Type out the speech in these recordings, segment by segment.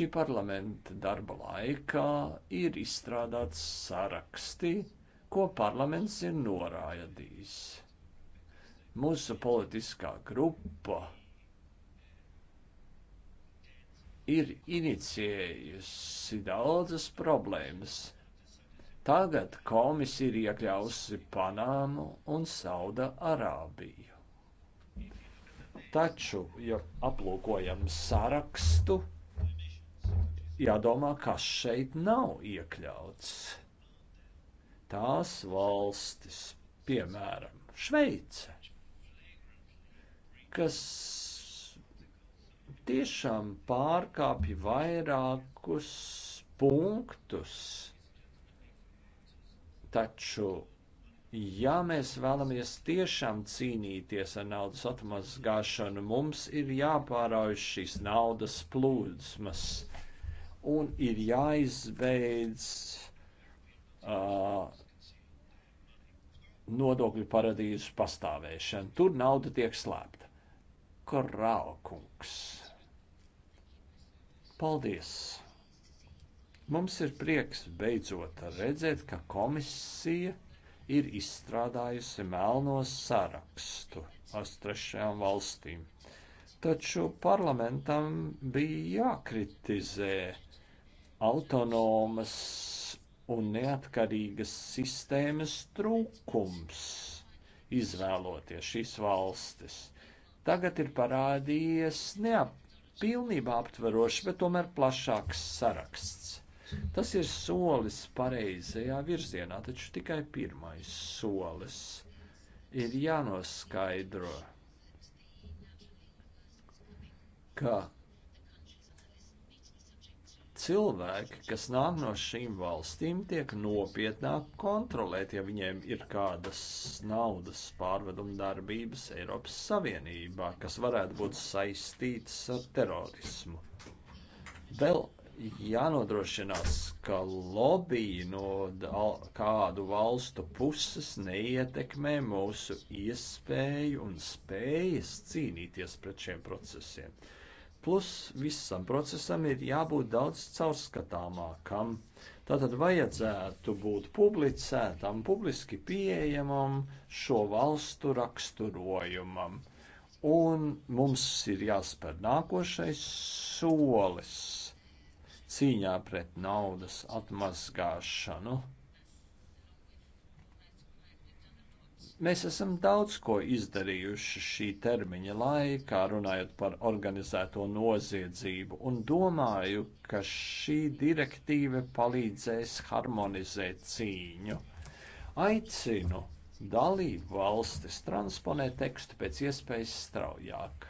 šī parlamenta darba laikā ir izstrādāts saraksti, ko parlaments ir norādījis. Mūsu politiskā grupa ir inicijējusi daudzas problēmas. Tagad komisija ir iekļausi Panāmu un Sauda Arābiju. Taču, ja aplūkojam sarakstu, jādomā, kas šeit nav iekļauts. Tās valstis, piemēram, Šveice, kas tiešām pārkāpj vairākus punktus, taču Ja mēs vēlamies tiešām cīnīties ar naudas atmazgāšanu, mums ir jāpārauž šīs naudas plūsmas un ir jāizbeidz uh, nodokļu paradīzu pastāvēšana. Tur nauda tiek slēpta. Korālkungs. Paldies! Mums ir prieks beidzot redzēt, ka komisija ir izstrādājusi melno sarakstu ar trešajām valstīm. Taču parlamentam bija jākritizē uh, autonomas un neatkarīgas sistēmas trūkums izvēloties šīs valstis. Tagad ir parādījies neap, pilnībā aptverošs, bet tomēr plašāks saraksts. Tas ir solis pareizajā virzienā, taču tikai pirmais solis ir jānoskaidro, ka cilvēki, kas nāk no šīm valstīm, tiek nopietnāk kontrolēti, ja viņiem ir kādas naudas pārveduma darbības Eiropas Savienībā, kas varētu būt saistītas ar terorismu. Vēl jānodrošinās, ka lobby no kādu valstu puses neietekmē mūsu iespēju un spējas cīnīties pret šiem procesiem. Plus visam procesam ir jābūt daudz caurskatāmākam. Tātad vajadzētu būt publicētam, publiski pieejamam šo valstu raksturojumam. Un mums ir jāspēr nākošais solis cīņā pret naudas atmazgāšanu. Mēs esam daudz ko izdarījuši šī termiņa laikā, runājot par organizēto noziedzību, un domāju, ka šī direktīva palīdzēs harmonizēt cīņu. Aicinu dalību valstis transponēt tekstu pēc iespējas straujāk.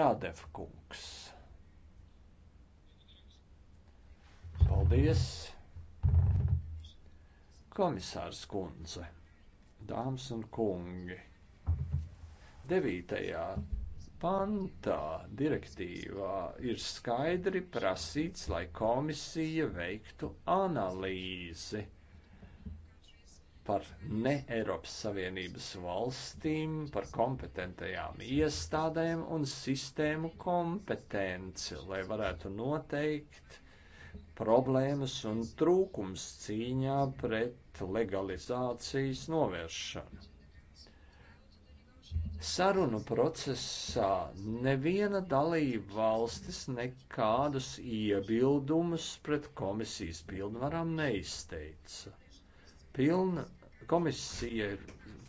Radev kungs. Paldies! Komisārs kundze dāmas un kungi. 9. pantā direktīvā ir skaidri prasīts, lai komisija veiktu analīzi par ne Eiropas Savienības valstīm, par kompetentajām iestādēm un sistēmu kompetenci, lai varētu noteikt problēmas un trūkums cīņā pret legalizācijas novēršanu. Sarunu procesā neviena dalība valstis nekādus iebildumus pret komisijas pilnvarām neizteica. Pilna komisija ir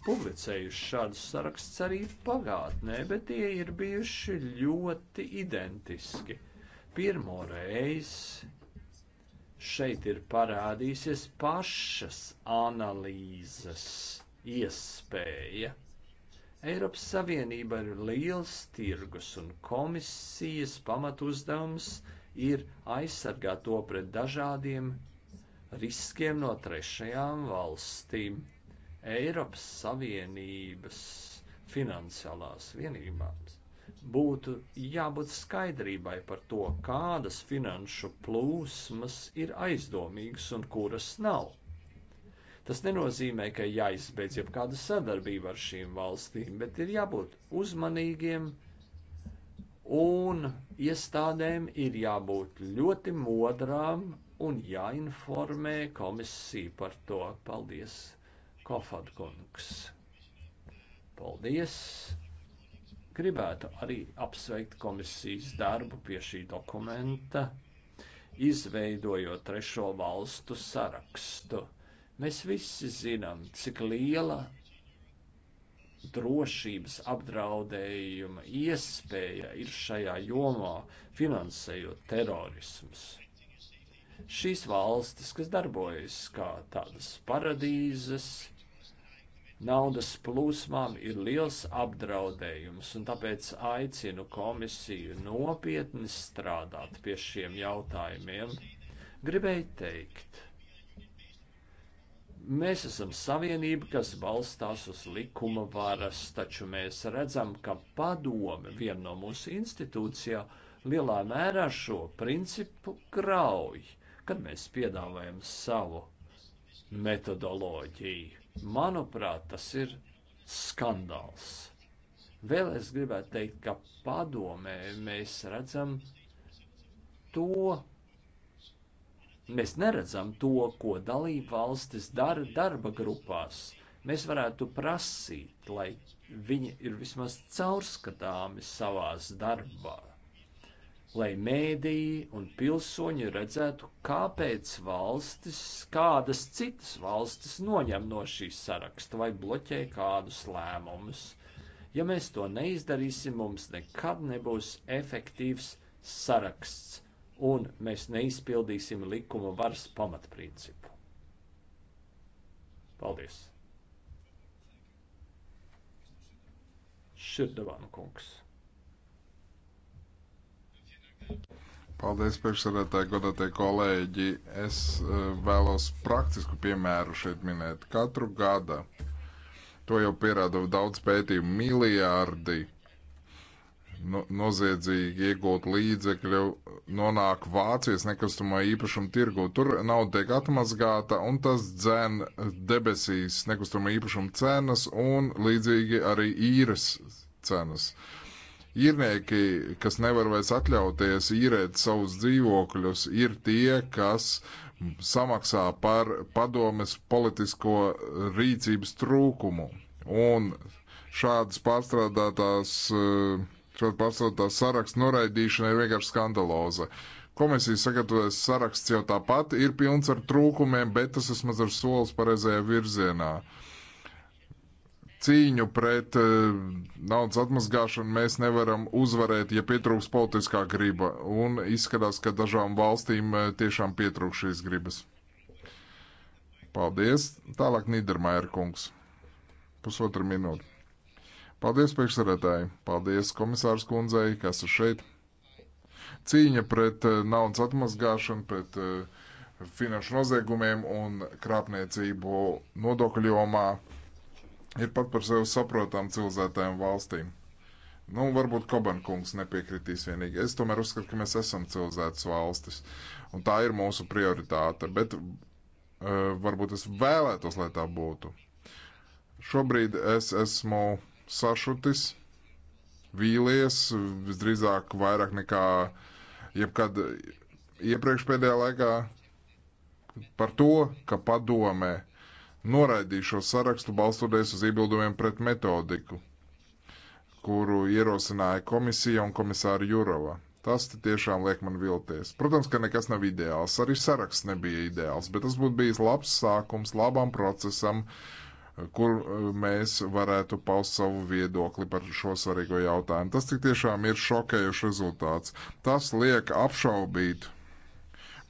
publicējuši šādus sarakstus arī pagātnē, bet tie ir bijuši ļoti identiski. Pirmo reizi šeit ir parādīsies pašas analīzes iespēja. Eiropas Savienība ir liels tirgus, un komisijas pamatuzdevums ir aizsargāt to pret dažādiem riskiem no trešajām valstīm. Eiropas Savienības finansiālās vienībās būtu jābūt skaidrībai par to, kādas finanšu plūsmas ir aizdomīgas un kuras nav. Tas nenozīmē, ka jāizbeidz jebkāda sadarbība ar šīm valstīm, bet ir jābūt uzmanīgiem un iestādēm ir jābūt ļoti modrām un jāinformē komisija par to. Paldies, Kofadkungs! Paldies! Gribētu arī apsveikt komisijas darbu pie šī dokumenta, izveidojot trešo valstu sarakstu. Mēs visi zinām, cik liela drošības apdraudējuma iespēja ir šajā jomā, finansējot terorismus. Šīs valstis, kas darbojas kā tādas paradīzes, naudas plūsmām ir liels apdraudējums, un tāpēc aicinu komisiju nopietni strādāt pie šiem jautājumiem. Gribēju teikt, mēs esam savienība, kas balstās uz likuma varas, taču mēs redzam, ka padome viena no mūsu institūcijā lielā mērā šo principu grauj, kad mēs piedāvājam savu metodoloģiju Manuprāt, tas ir skandāls. Vēl es gribētu teikt, ka padomē mēs redzam to, mēs neredzam to, ko dalība valstis dara darba grupās. Mēs varētu prasīt, lai viņi ir vismaz caurskatāmi savās darbā lai mēdīji un pilsoņi redzētu, kāpēc valstis, kādas citas valstis noņem no šīs saraksta vai bloķē kādus lēmumus. Ja mēs to neizdarīsim, mums nekad nebūs efektīvs saraksts, un mēs neizpildīsim likuma varas pamatprincipu. Paldies! Širdavānu kungs! Paldies, priekšsēdētāji, godātie kolēģi. Es eh, vēlos praktisku piemēru šeit minēt. Katru gada, to jau pierāda daudz pētījumu, miljārdi no, noziedzīgi iegūt līdzekļu nonāk Vācijas nekustamā īpašuma tirgu. Tur nauda tiek atmazgāta un tas dzēn debesīs nekustamā īpašuma cenas un līdzīgi arī īres cenas. Īrnieki, kas nevar vairs atļauties īrēt savus dzīvokļus, ir tie, kas samaksā par padomes politisko rīcības trūkumu. Un šādas pārstrādātās, šāda pārstrādātās saraksts noraidīšana ir vienkārši skandaloza. Komisijas sagatavotais saraksts jau tāpat ir pilns ar trūkumiem, bet tas vismaz ir solis pareizajā virzienā. Uh, cīņu pret eh, naudas atmazgāšanu mēs nevaram uzvarēt, ja pietrūks politiskā griba. Un izskatās, ka dažām valstīm eh, tiešām pietrūks šīs gribas. Paldies. Tālāk Nīdermaier kungs. Pusotra minūte. Paldies priekšsarētāji. Paldies komisārs kundzei, kas ir šeit. Cīņa pret eh, naudas atmazgāšanu, pret finanšu noziegumiem un krāpniecību nodokļu jomā ir pat par sevi saprotām civilizētām valstīm. Nu, varbūt Kobankungs nepiekritīs vienīgi. Es tomēr uzskatu, ka mēs esam civilizētas valstis, un tā ir mūsu prioritāte, bet uh, varbūt es vēlētos, lai tā būtu. Šobrīd es esmu sašutis, vīlies, visdrīzāk vairāk nekā jebkad iepriekš pēdējā laikā par to, ka padomē uh, noraidīja šo sarakstu balstoties uz iebildumiem pret metodiku, kuru ierosināja komisija un komisāra Jurova. Tas tiešām liek man vilties. Protams, ka nekas nav ideāls, arī saraksts nebija ideāls, bet tas būtu bijis labs sākums labam procesam, kur eh, mēs varētu paust savu viedokli par šo svarīgo jautājumu. Tas tik tiešām ir šokējošs rezultāts. Tas liek apšaubīt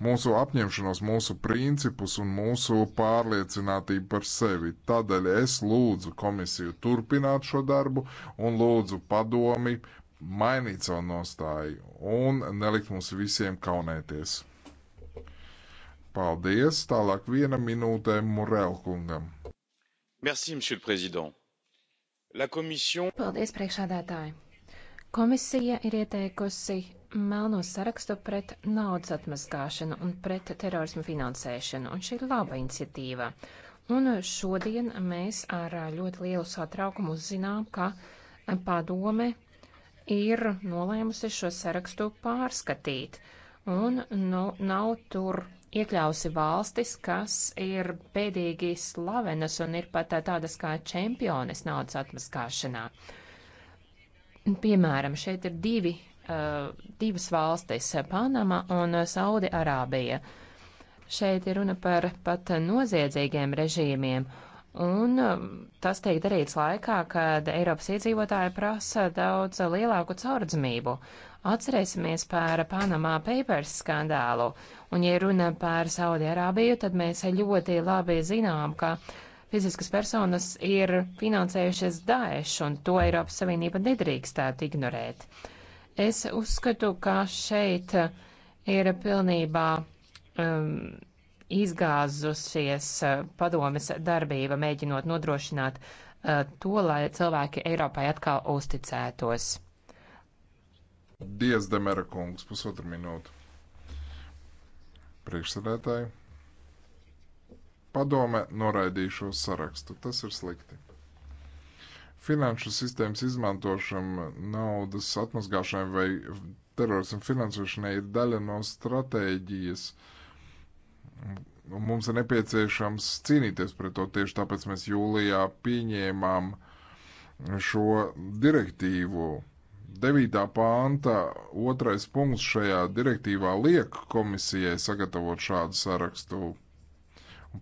mūsu apņemšanos, mūsu principus un mūsu pārliecinātību par sevi. Tādēļ es lūdzu komisiju turpināt šo darbu un lūdzu padomi mainīt savu nostāju un nelikt mums visiem kaunēties. Paldies! Tālāk viena minūte Murel kungam. Merci, monsieur le président. La commission... Paldies, priekšādātāji! Komisija ir ieteikusi melno sarakstu pret naudas atmaskāšanu un pret terorismu finansēšanu, un šī ir laba iniciatīva. Un šodien mēs ar ļoti lielu satraukumu uzzinām, ka padome ir nolēmusi šo sarakstu pārskatīt, un nu, nav tur iekļausi valstis, kas ir bēdīgi slavenas un ir pat tādas kā čempiones naudas atmaskāšanā. Piemēram, šeit ir divi Uh, divas valstis - Panama un Saudi Arābija. Šeit ir runa par pat noziedzīgiem režīmiem, un um, tas tiek darīts laikā, kad Eiropas iedzīvotāji prasa daudz lielāku caurdzamību. Atcerēsimies par Panamā Papers skandālu, un, ja runa par Saudi Arābiju, tad mēs ļoti labi zinām, ka fiziskas personas ir finansējušas Daesh, un to Eiropas Savienība nedrīkstētu ignorēt. Uh, Es uzskatu, ka šeit ir pilnībā um, izgāzusies uh, padomes darbība, mēģinot nodrošināt uh, to, lai cilvēki Eiropai atkal uzticētos. Dievs, Demera kungs, pusotru minūtu. Priekšsēdētāji, padome noraidīšos sarakstu. Tas ir slikti finanšu sistēmas izmantošana naudas atmazgāšanai vai terorismu finansēšanai ir daļa no stratēģijas. Mums ir nepieciešams cīnīties pret to tieši tāpēc mēs jūlijā pieņēmām šo direktīvu. 9. pānta otrais punkts šajā direktīvā liek komisijai sagatavot šādu sarakstu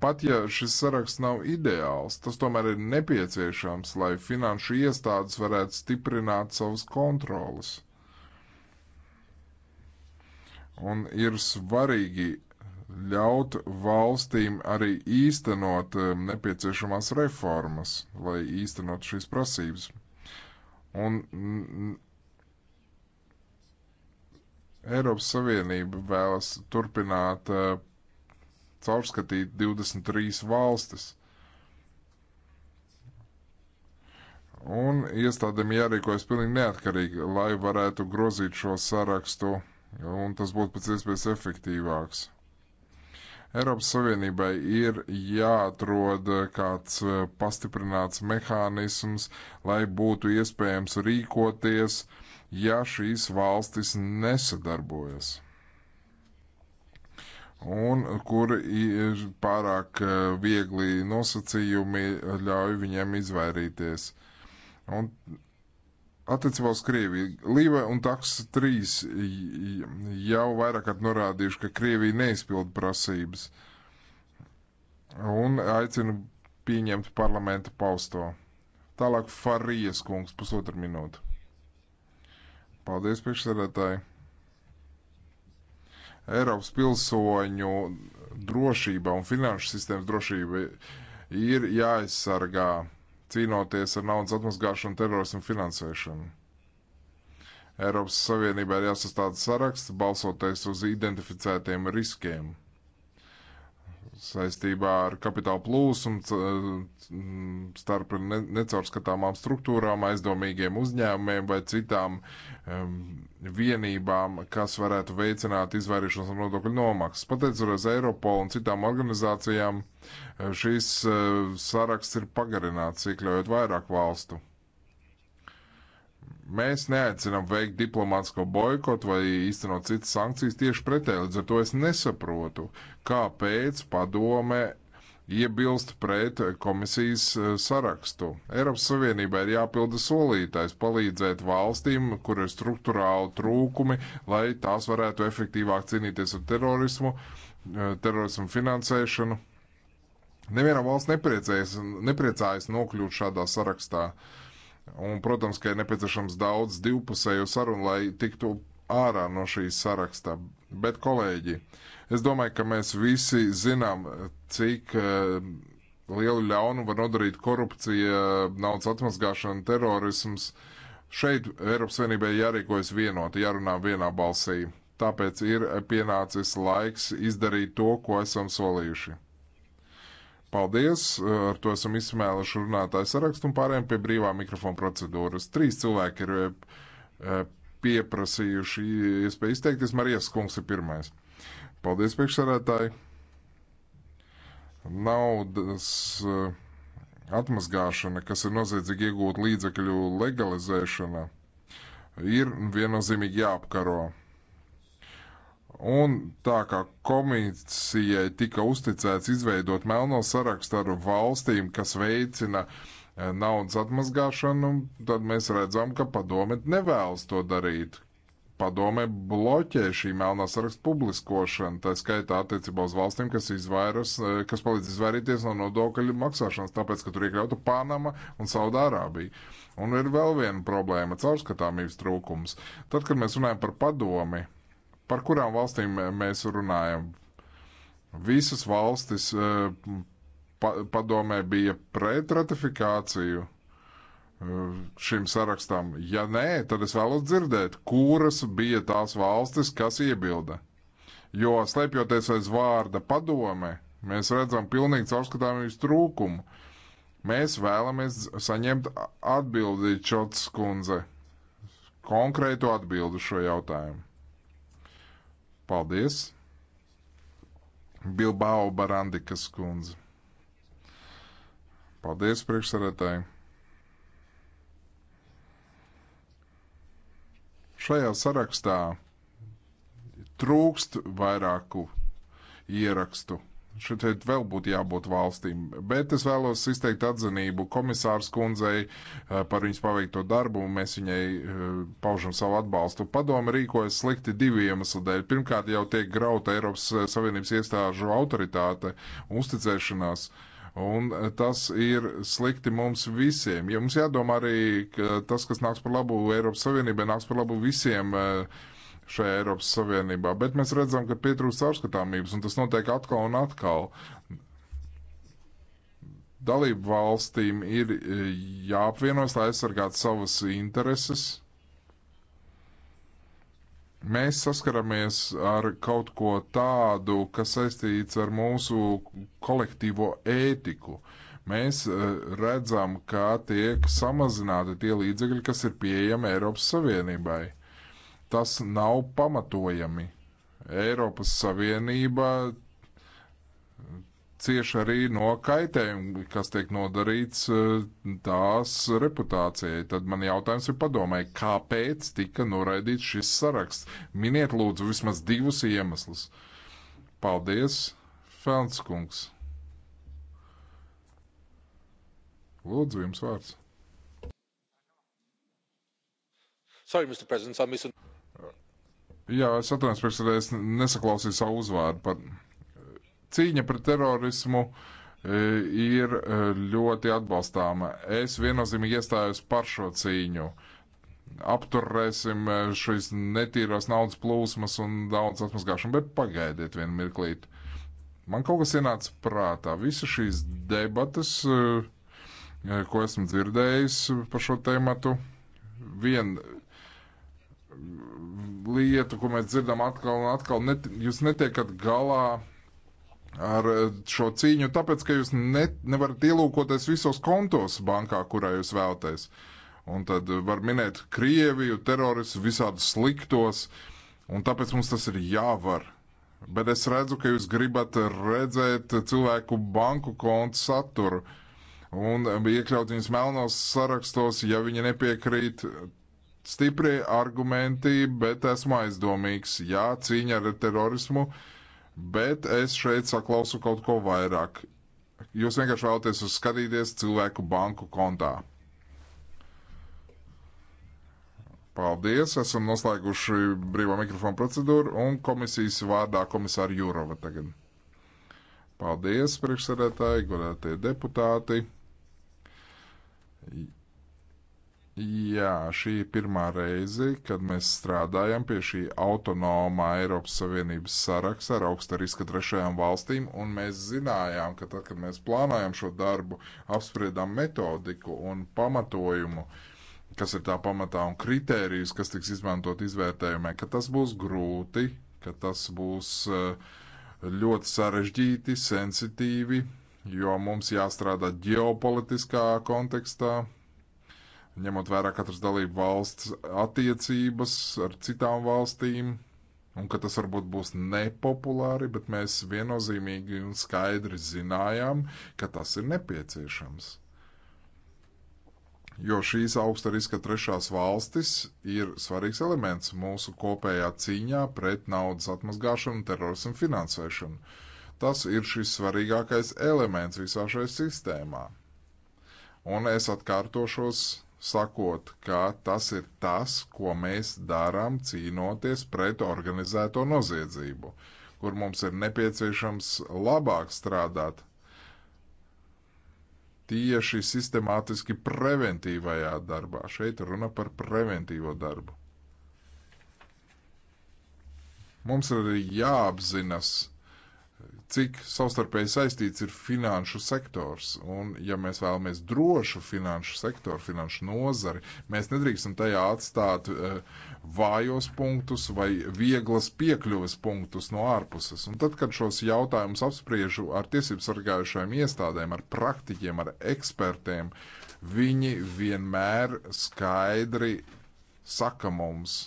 Pat ja šis saraksts nav ideāls, tas tomēr ir nepieciešams, lai finanšu iestādes varētu stiprināt savas kontrolas. Un ir svarīgi ļaut valstīm arī īstenot um, nepieciešamās reformas, lai īstenot šīs prasības. Un Eiropas Savienība vēlas turpināt uh, caurskatīt 23 valstis. Un iestādēm jārīkojas pilnīgi neatkarīgi, lai varētu grozīt šo sarakstu, un tas būtu pēc iespējas efektīvāks. Eiropas Savienībai ir jāatrod kāds eh, pastiprināts mehānisms, lai būtu iespējams rīkoties, ja šīs valstis nesadarbojas un kur pārāk eh, viegli nosacījumi ļauj viņiem izvairīties. Un Attiecībā uz Krieviju. Līva un Taks 3 jau vairāk kārt norādījuši, ka Krievija neizpild prasības un aicinu pieņemt parlamenta pausto. Tālāk Farijas kungs, pusotru minūtu. Paldies, priekšsēdētāji! Eiropas pilsoņu drošība un finanšu sistēmas drošība ir jāaizsargā, cīnoties ar naudas atmazgāšanu, terorismu finansēšanu. Eiropas Savienībā ir jāsastāda saraksts, balsoties uz identificētiem riskiem saistībā ar kapitāla plūsmu starp necaurskatāmām struktūrām, aizdomīgiem uzņēmumiem vai citām um, vienībām, kas varētu veicināt izvairīšanos no nodokļu nomaksas. Pateicoties Eiropol un citām organizācijām, šīs eh, saraksts ir pagarināts, iekļaujot vairāk valstu. Mēs neaicinām veikt diplomātsko boikotu vai īstenot citas sankcijas tieši pretēji. Līdz ar to es nesaprotu, kāpēc padome iebilst pret komisijas eh, sarakstu. Eiropas Savienībai ir jāpilda solītais palīdzēt valstīm, kur ir struktūrāli trūkumi, lai tās varētu efektīvāk cīnīties ar terorismu, eh, terorismu finansēšanu. Neviena valsts nepriecājas nokļūt šādā sarakstā. Uh, Un, protams, ka ir nepieciešams daudz divpusēju sarunu, lai tiktu ārā no šīs sarakstā. Bet, kolēģi, es domāju, ka mēs visi zinām, cik uh, lielu ļaunumu var nodarīt korupcija, naudas atmazgāšana, terorisms. Šeit Eiropas Savienībai jārīkojas vienoti, jārunā vienā balsī. Tāpēc ir pienācis laiks izdarīt to, ko esam solījuši. Paldies! Ar to esam izsmēluši runātāju sarakstu un pārējām pie brīvā mikrofona procedūras. Trīs cilvēki ir eh, pieprasījuši iespēju izteikties. Marijas kungs ir pirmais. Paldies, priekšsarētāji! Naudas eh, atmazgāšana, kas ir noziedzīgi iegūt līdzekļu legalizēšana, ir viennozīmīgi jāapkaro. Un tā kā komisijai tika uzticēts izveidot melno sarakstu ar valstīm, kas veicina eh, naudas atmazgāšanu, tad mēs redzam, ka padome nevēlas to darīt, padome bloķē šī melnā saraksta publiskošanu, tā skaitā attiecībā uz valstīm, kas, izvairas, eh, kas palīdz izvairīties no nodokļu maksāšanas, tāpēc, ka tur iekļauta Panama un Saudārābija. Un ir vēl viena problēma - caurskatāmības trūkums. Tad, kad mēs runājam par padomi, Par kurām valstīm mēs runājam? Visas valstis e, pa, padomē bija pret ratifikāciju e, šim sarakstam. Ja nē, tad es vēlos dzirdēt, kuras bija tās valstis, kas iebilda. Jo slēpjoties aiz vārda padome, mēs redzam pilnīgi caurskatāmības trūkumu. Mēs vēlamies saņemt atbildi Čots kundze, konkrētu atbildi šo jautājumu. Paldies! Bilbao Barandikas kundze. Paldies, priekšsarētāji! Šajā sarakstā trūkst vairāku ierakstu Šeit vēl būtu jābūt valstīm, bet es vēlos izteikt atzinību komisārs kundzei eh, par viņas paveikto darbu, un mēs viņai eh, paužam savu atbalstu. Padoma rīkojas slikti divu iemeslu dēļ. Pirmkārt, jau tiek grauta Eiropas eh, Savienības iestāžu autoritāte, uzticēšanās. Un tas ir slikti mums visiem. Ja mums jādomā arī, ka tas, kas nāks par labu Eiropas Savienībai, nāks par labu visiem uh, šajā Eiropas Savienībā, bet mēs redzam, ka pietrūkst caurskatāmības, un tas notiek atkal un atkal. Dalību valstīm ir e, jāapvienos, lai aizsargātu savas intereses. Mēs saskaramies ar kaut ko tādu, kas saistīts ar mūsu kolektīvo ētiku. Mēs e, redzam, kā tiek samazināti tie līdzekļi, kas ir pieejami Eiropas Savienībai. Tas nav pamatojami. Eiropas Savienība cieš arī no kaitējuma, kas tiek nodarīts eh, tās reputācijai. Tad man jautājums ir padomai, kāpēc tika noraidīts šis saraksts? Miniet lūdzu vismaz divus iemeslus. Paldies, Felns kungs. Lūdzu, jums vārds. Sorry, Mr. President, I misunderstood. Jā, es atvainojos, priekšsēdē, es nesaklausīju savu uzvārdu. Par... Eh, cīņa pret terorismu eh, ir eh, ļoti atbalstāma. Es viennozīmīgi iestājos par šo cīņu. Apturēsim šīs netīrās naudas plūsmas un naudas atmazgāšanu, bet pagaidiet vienu mirklīti. Man kaut kas ienāca prātā. Visas šīs debatas, ko esmu dzirdējis par šo tēmatu, vien lietu, ko mēs dzirdam atkal un atkal. Net, jūs netiekat galā ar eh, šo cīņu, tāpēc, ka jūs ne, nevarat ielūkoties visos kontos bankā, kurā jūs vēlaties. Un tad var minēt Krieviju, teroristus, visādus sliktos, un tāpēc mums tas ir jāvar. Bet es redzu, ka jūs gribat redzēt cilvēku banku kontu saturu un eh, iekļaut viņus melnos sarakstos, ja viņi nepiekrīt stipri argumenti, bet esmu aizdomīgs. Jā, cīņa ar terorismu, bet es šeit saklausu kaut ko vairāk. Jūs vienkārši vēlaties uzskatīties cilvēku banku kontā. Paldies, esam noslēguši brīvā mikrofona procedūru un komisijas vārdā komisāra Jurova tagad. Paldies, priekšsēdētāji, godātie deputāti. Jā, šī ir pirmā reize, kad mēs strādājam pie šī autonomā Eiropas Savienības saraksta ar augsta riska trešajām valstīm, un mēs zinājām, ka tad, kad mēs plānojam šo darbu, apspriedām metodiku un pamatojumu, kas ir tā pamatā un kritērijus, kas tiks izmantot izvērtējumē, ka tas būs grūti, ka tas būs eh, ļoti sarežģīti, sensitīvi, jo mums jāstrādā ģeopolitiskā kontekstā ņemot vērā katras dalību valsts attiecības ar citām valstīm, un ka tas varbūt būs nepopulāri, bet mēs viennozīmīgi un skaidri zinājām, ka tas ir nepieciešams. Jo šīs augsta riska trešās valstis ir svarīgs elements mūsu kopējā cīņā pret naudas atmazgāšanu un terorismu finansēšanu. Tas ir šis svarīgākais elements visā šajā sistēmā. Un es atkārtošos sakot, ka tas ir tas, ko mēs darām cīnoties pret organizēto noziedzību, kur mums ir nepieciešams labāk strādāt tieši sistemātiski preventīvajā darbā. Šeit runa par preventīvo darbu. Mums ir jāapzinas, cik savstarpēji saistīts ir finanšu sektors. Un, ja mēs vēlamies drošu finanšu sektoru, finanšu nozari, mēs nedrīkstam tajā atstāt uh, vājos punktus vai vieglas piekļuves punktus no ārpuses. Un tad, kad šos jautājumus apspriežu ar tiesību sargājušajiem iestādēm, ar praktiķiem, ar ekspertiem, viņi vienmēr skaidri saka mums,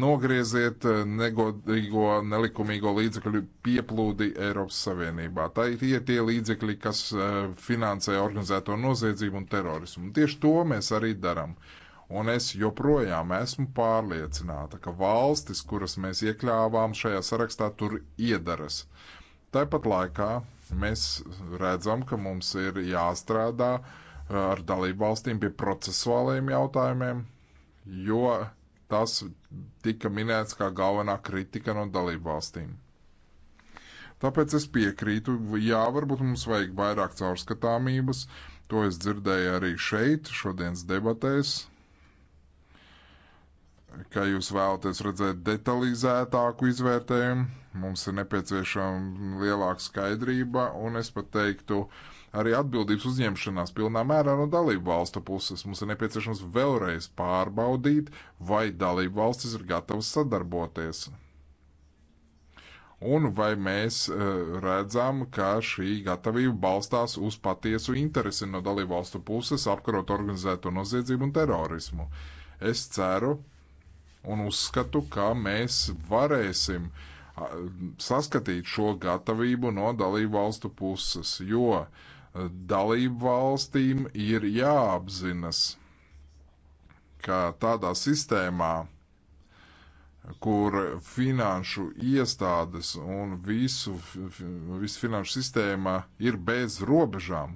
Nogrieziet eh, negodīgo, nelikumīgo līdzekļu pieplūdi Eiropas Savienībā. Tā ir tie, tie līdzekļi, kas eh, finansē organizēto noziedzību un terorismu. Tieši to mēs arī darām. Un es joprojām esmu pārliecināta, ka valstis, kuras mēs iekļāvām šajā sarakstā, tur iedaras. Tāpat laikā mēs redzam, ka mums ir jāstrādā eh, ar dalību valstīm pie procesuālajiem jautājumiem, jo tas tika minēts kā galvenā kritika no dalību valstīm. Tāpēc es piekrītu, jā, varbūt mums vajag vairāk caurskatāmības, to es dzirdēju arī šeit, šodienas debatēs, ka jūs vēlaties redzēt detalizētāku izvērtējumu, mums ir nepieciešama lielāka skaidrība, un es pat teiktu, uh, arī atbildības uzņemšanās pilnā mērā no dalību valstu puses. Mums ir nepieciešams vēlreiz pārbaudīt, vai dalību valstis ir gatavas sadarboties. Un vai mēs eh, redzam, ka šī gatavība balstās uz patiesu interesi no dalību valstu puses apkarot organizēto noziedzību un terorismu? Es ceru, un uzskatu, ka mēs varēsim saskatīt šo gatavību no dalību valstu puses, jo dalību valstīm ir jāapzinas, ka tādā sistēmā, kur finanšu iestādes un visu, visu finanšu sistēma ir bez robežām,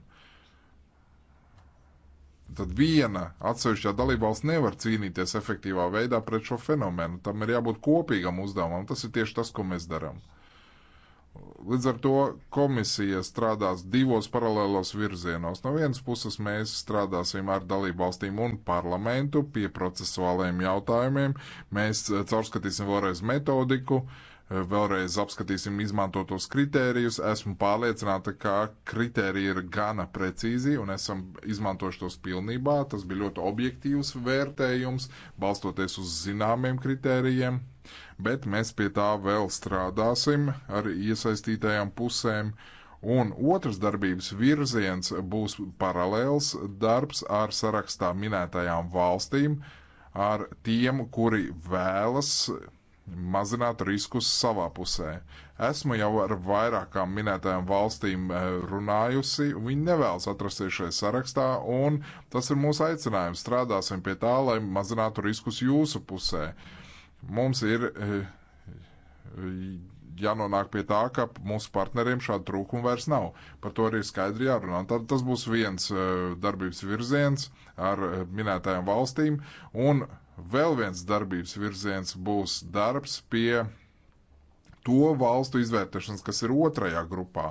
tad viena atsevišķā dalībvalsts nevar cīnīties efektīvā veidā pret šo fenomenu. Tam ir jābūt kopīgam uzdevumam. Tas ir tieši tas, ko mēs darām. Līdz ar to komisija strādās divos paralēlos virzienos. No vienas puses mēs strādāsim ar dalību valstīm un parlamentu pie procesuālajiem jautājumiem. Mēs caurskatīsim vēlreiz metodiku, Eh, vēlreiz apskatīsim izmantotos kritērijus. Esmu pārliecināta, ka kritērija ir gana precīzi un esam izmantojuši tos pilnībā. Tas bija ļoti objektīvs vērtējums, balstoties uz zināmiem kritērijiem, bet mēs pie tā vēl strādāsim ar iesaistītajām pusēm. Un otrs darbības virziens būs paralēls darbs ar sarakstā minētajām valstīm, ar tiem, kuri vēlas mazināt riskus savā pusē. Esmu jau ar vairākām minētajām valstīm eh, runājusi, viņi nevēlas atrasties šajā sarakstā, un tas ir mūsu aicinājums. Strādāsim pie tā, lai mazinātu riskus jūsu pusē. Mums ir eh, jānonāk pie tā, ka mūsu partneriem šāda trūkuma vairs nav. Par to arī skaidri jārunā. Tad tas būs viens eh, darbības virziens ar minētajām valstīm, un Vēl viens darbības virziens būs darbs pie to valstu izvērtēšanas, kas ir otrajā grupā,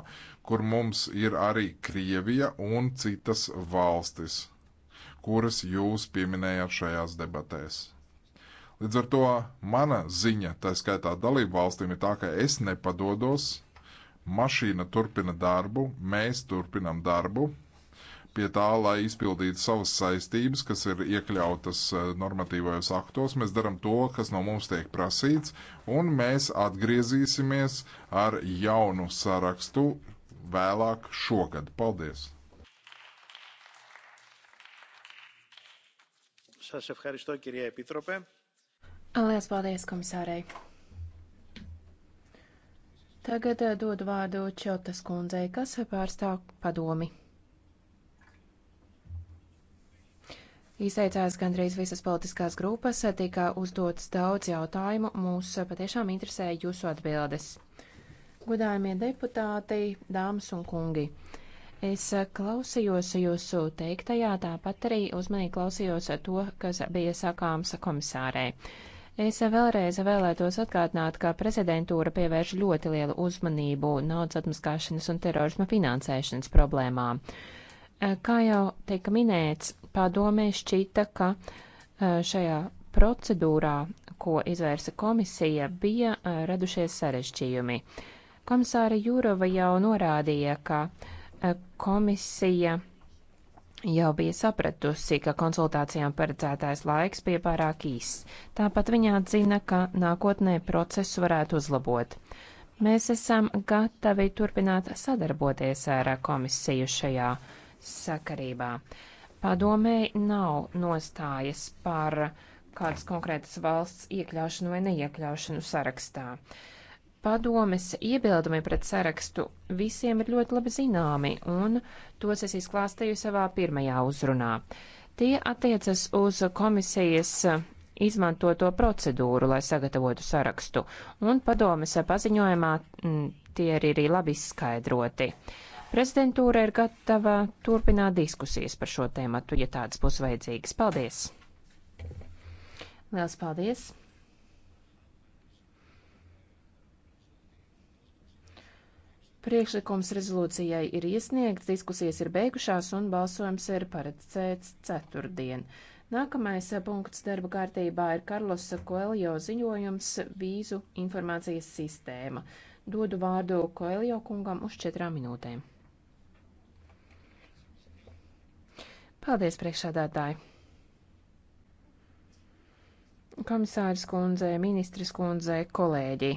kur mums ir arī Krievija un citas valstis, kuras jūs pieminējāt šajās debatēs. Līdz ar to mana ziņa, tā skaitā dalību valstīm, ir tā, ka es nepadodos, mašīna turpina darbu, mēs turpinam darbu, pie tā, lai izpildītu savas saistības, kas ir iekļautas eh, normatīvajos aktos. Mēs darām to, kas no mums tiek prasīts, un mēs atgriezīsimies ar jaunu sarakstu vēlāk šogad. Paldies! Lielas paldies komisārei! Tagad eh, dodu vārdu Čotas kundzei, kas pārstāv padomi. Izteicās gandrīz visas politiskās grupas, tika uzdots daudz jautājumu, mūs patiešām interesēja jūsu atbildes. Godājumie deputāti, dāmas un kungi, es klausījos jūsu teiktajā, tāpat arī uzmanīgi klausījos to, kas bija sakāms komisārē. Es vēlreiz vēlētos atkārtināt, ka prezidentūra pievērš ļoti lielu uzmanību naudas atmaskāšanas un terorisma finansēšanas problēmām. Kā jau tika minēts, Padomē šķita, ka e, šajā procedūrā, ko izvērsa komisija, bija e, radušies sarežģījumi. Komisāra Jūrova jau norādīja, ka e, komisija jau bija sapratusi, ka konsultācijām paredzētais laiks bija pārāk īss. Tāpat viņa atzina, ka nākotnē procesu varētu uzlabot. Mēs esam gatavi turpināt sadarboties ar komisiju šajā sakarībā. Padomēji nav nostājas par kādas konkrētas valsts iekļaušanu vai neiekļaušanu sarakstā. Padomes iebildumi pret sarakstu visiem ir ļoti labi zināmi, un tos es izklāstīju savā pirmajā uzrunā. Tie attiecas uz komisijas izmantoto procedūru, lai sagatavotu sarakstu, un padomes paziņojumā m, mm, tie arī ir labi izskaidroti. Uh, Prezidentūra ir gatava turpināt diskusijas par šo tēmatu, ja tādas būs vajadzīgas. Paldies! Liels paldies! Priekšlikums rezolūcijai ir iesniegts, diskusijas ir beigušās un balsojums ir paredzēts ceturtdien. Nākamais punkts darba kārtībā ir Karlosa Koeljo ziņojums vīzu informācijas sistēma. Dodu vārdu Koeljo kungam uz četrām minūtēm. Paldies, priekšsādātāji! Komisāris kundze, ministris kundze, kolēģi!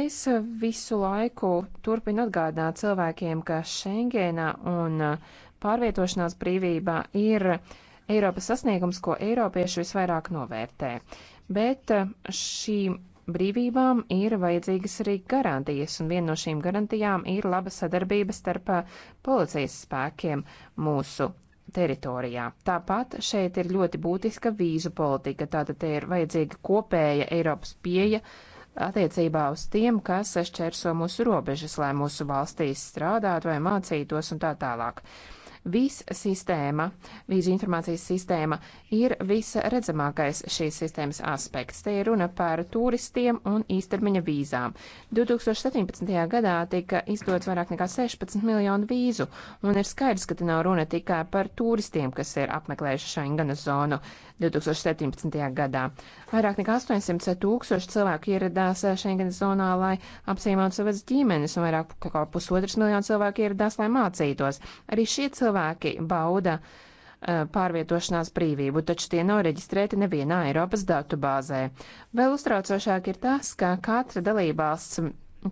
Es visu laiku turpinu atgādināt cilvēkiem, ka Schengenā un pārvietošanās brīvībā ir Eiropas sasniegums, ko Eiropieši visvairāk novērtē. Bet šīm brīvībām ir vajadzīgas arī garantijas, un viena no šīm garantijām ir laba sadarbība starp policijas spēkiem mūsu teritorijā. Tāpat šeit ir ļoti būtiska vīzu politika, tātad te ir vajadzīga kopēja Eiropas pieeja attiecībā uz tiem, kas šķērso mūsu robežas, lai mūsu valstīs strādātu vai mācītos un tā tālāk. Uh, Viss sistēma, vīzu informācijas sistēma, ir visredzamākais šīs sistēmas aspekts. Te ir runa par turistiem un īstermiņa vīzām. 2017. gadā tika izdots vairāk nekā 16 miljonu vīzu, un ir skaidrs, ka te nav runa tikai par turistiem, kas ir apmeklējuši Schengena zonu 2017. gadā. Vairāk nekā 800 tūkstoši cilvēku ieradās Schengena zonā, lai apciemātu savas ģimenes, un vairāk kā pusotras miljonu cilvēku ieradās, lai mācītos. Arī šie cilvēki cilvēki bauda eh, pārvietošanās brīvību, taču tie nav reģistrēti nevienā Eiropas datubāzē. Vēl uztraucošāk ir tas, ka katra dalībvalsts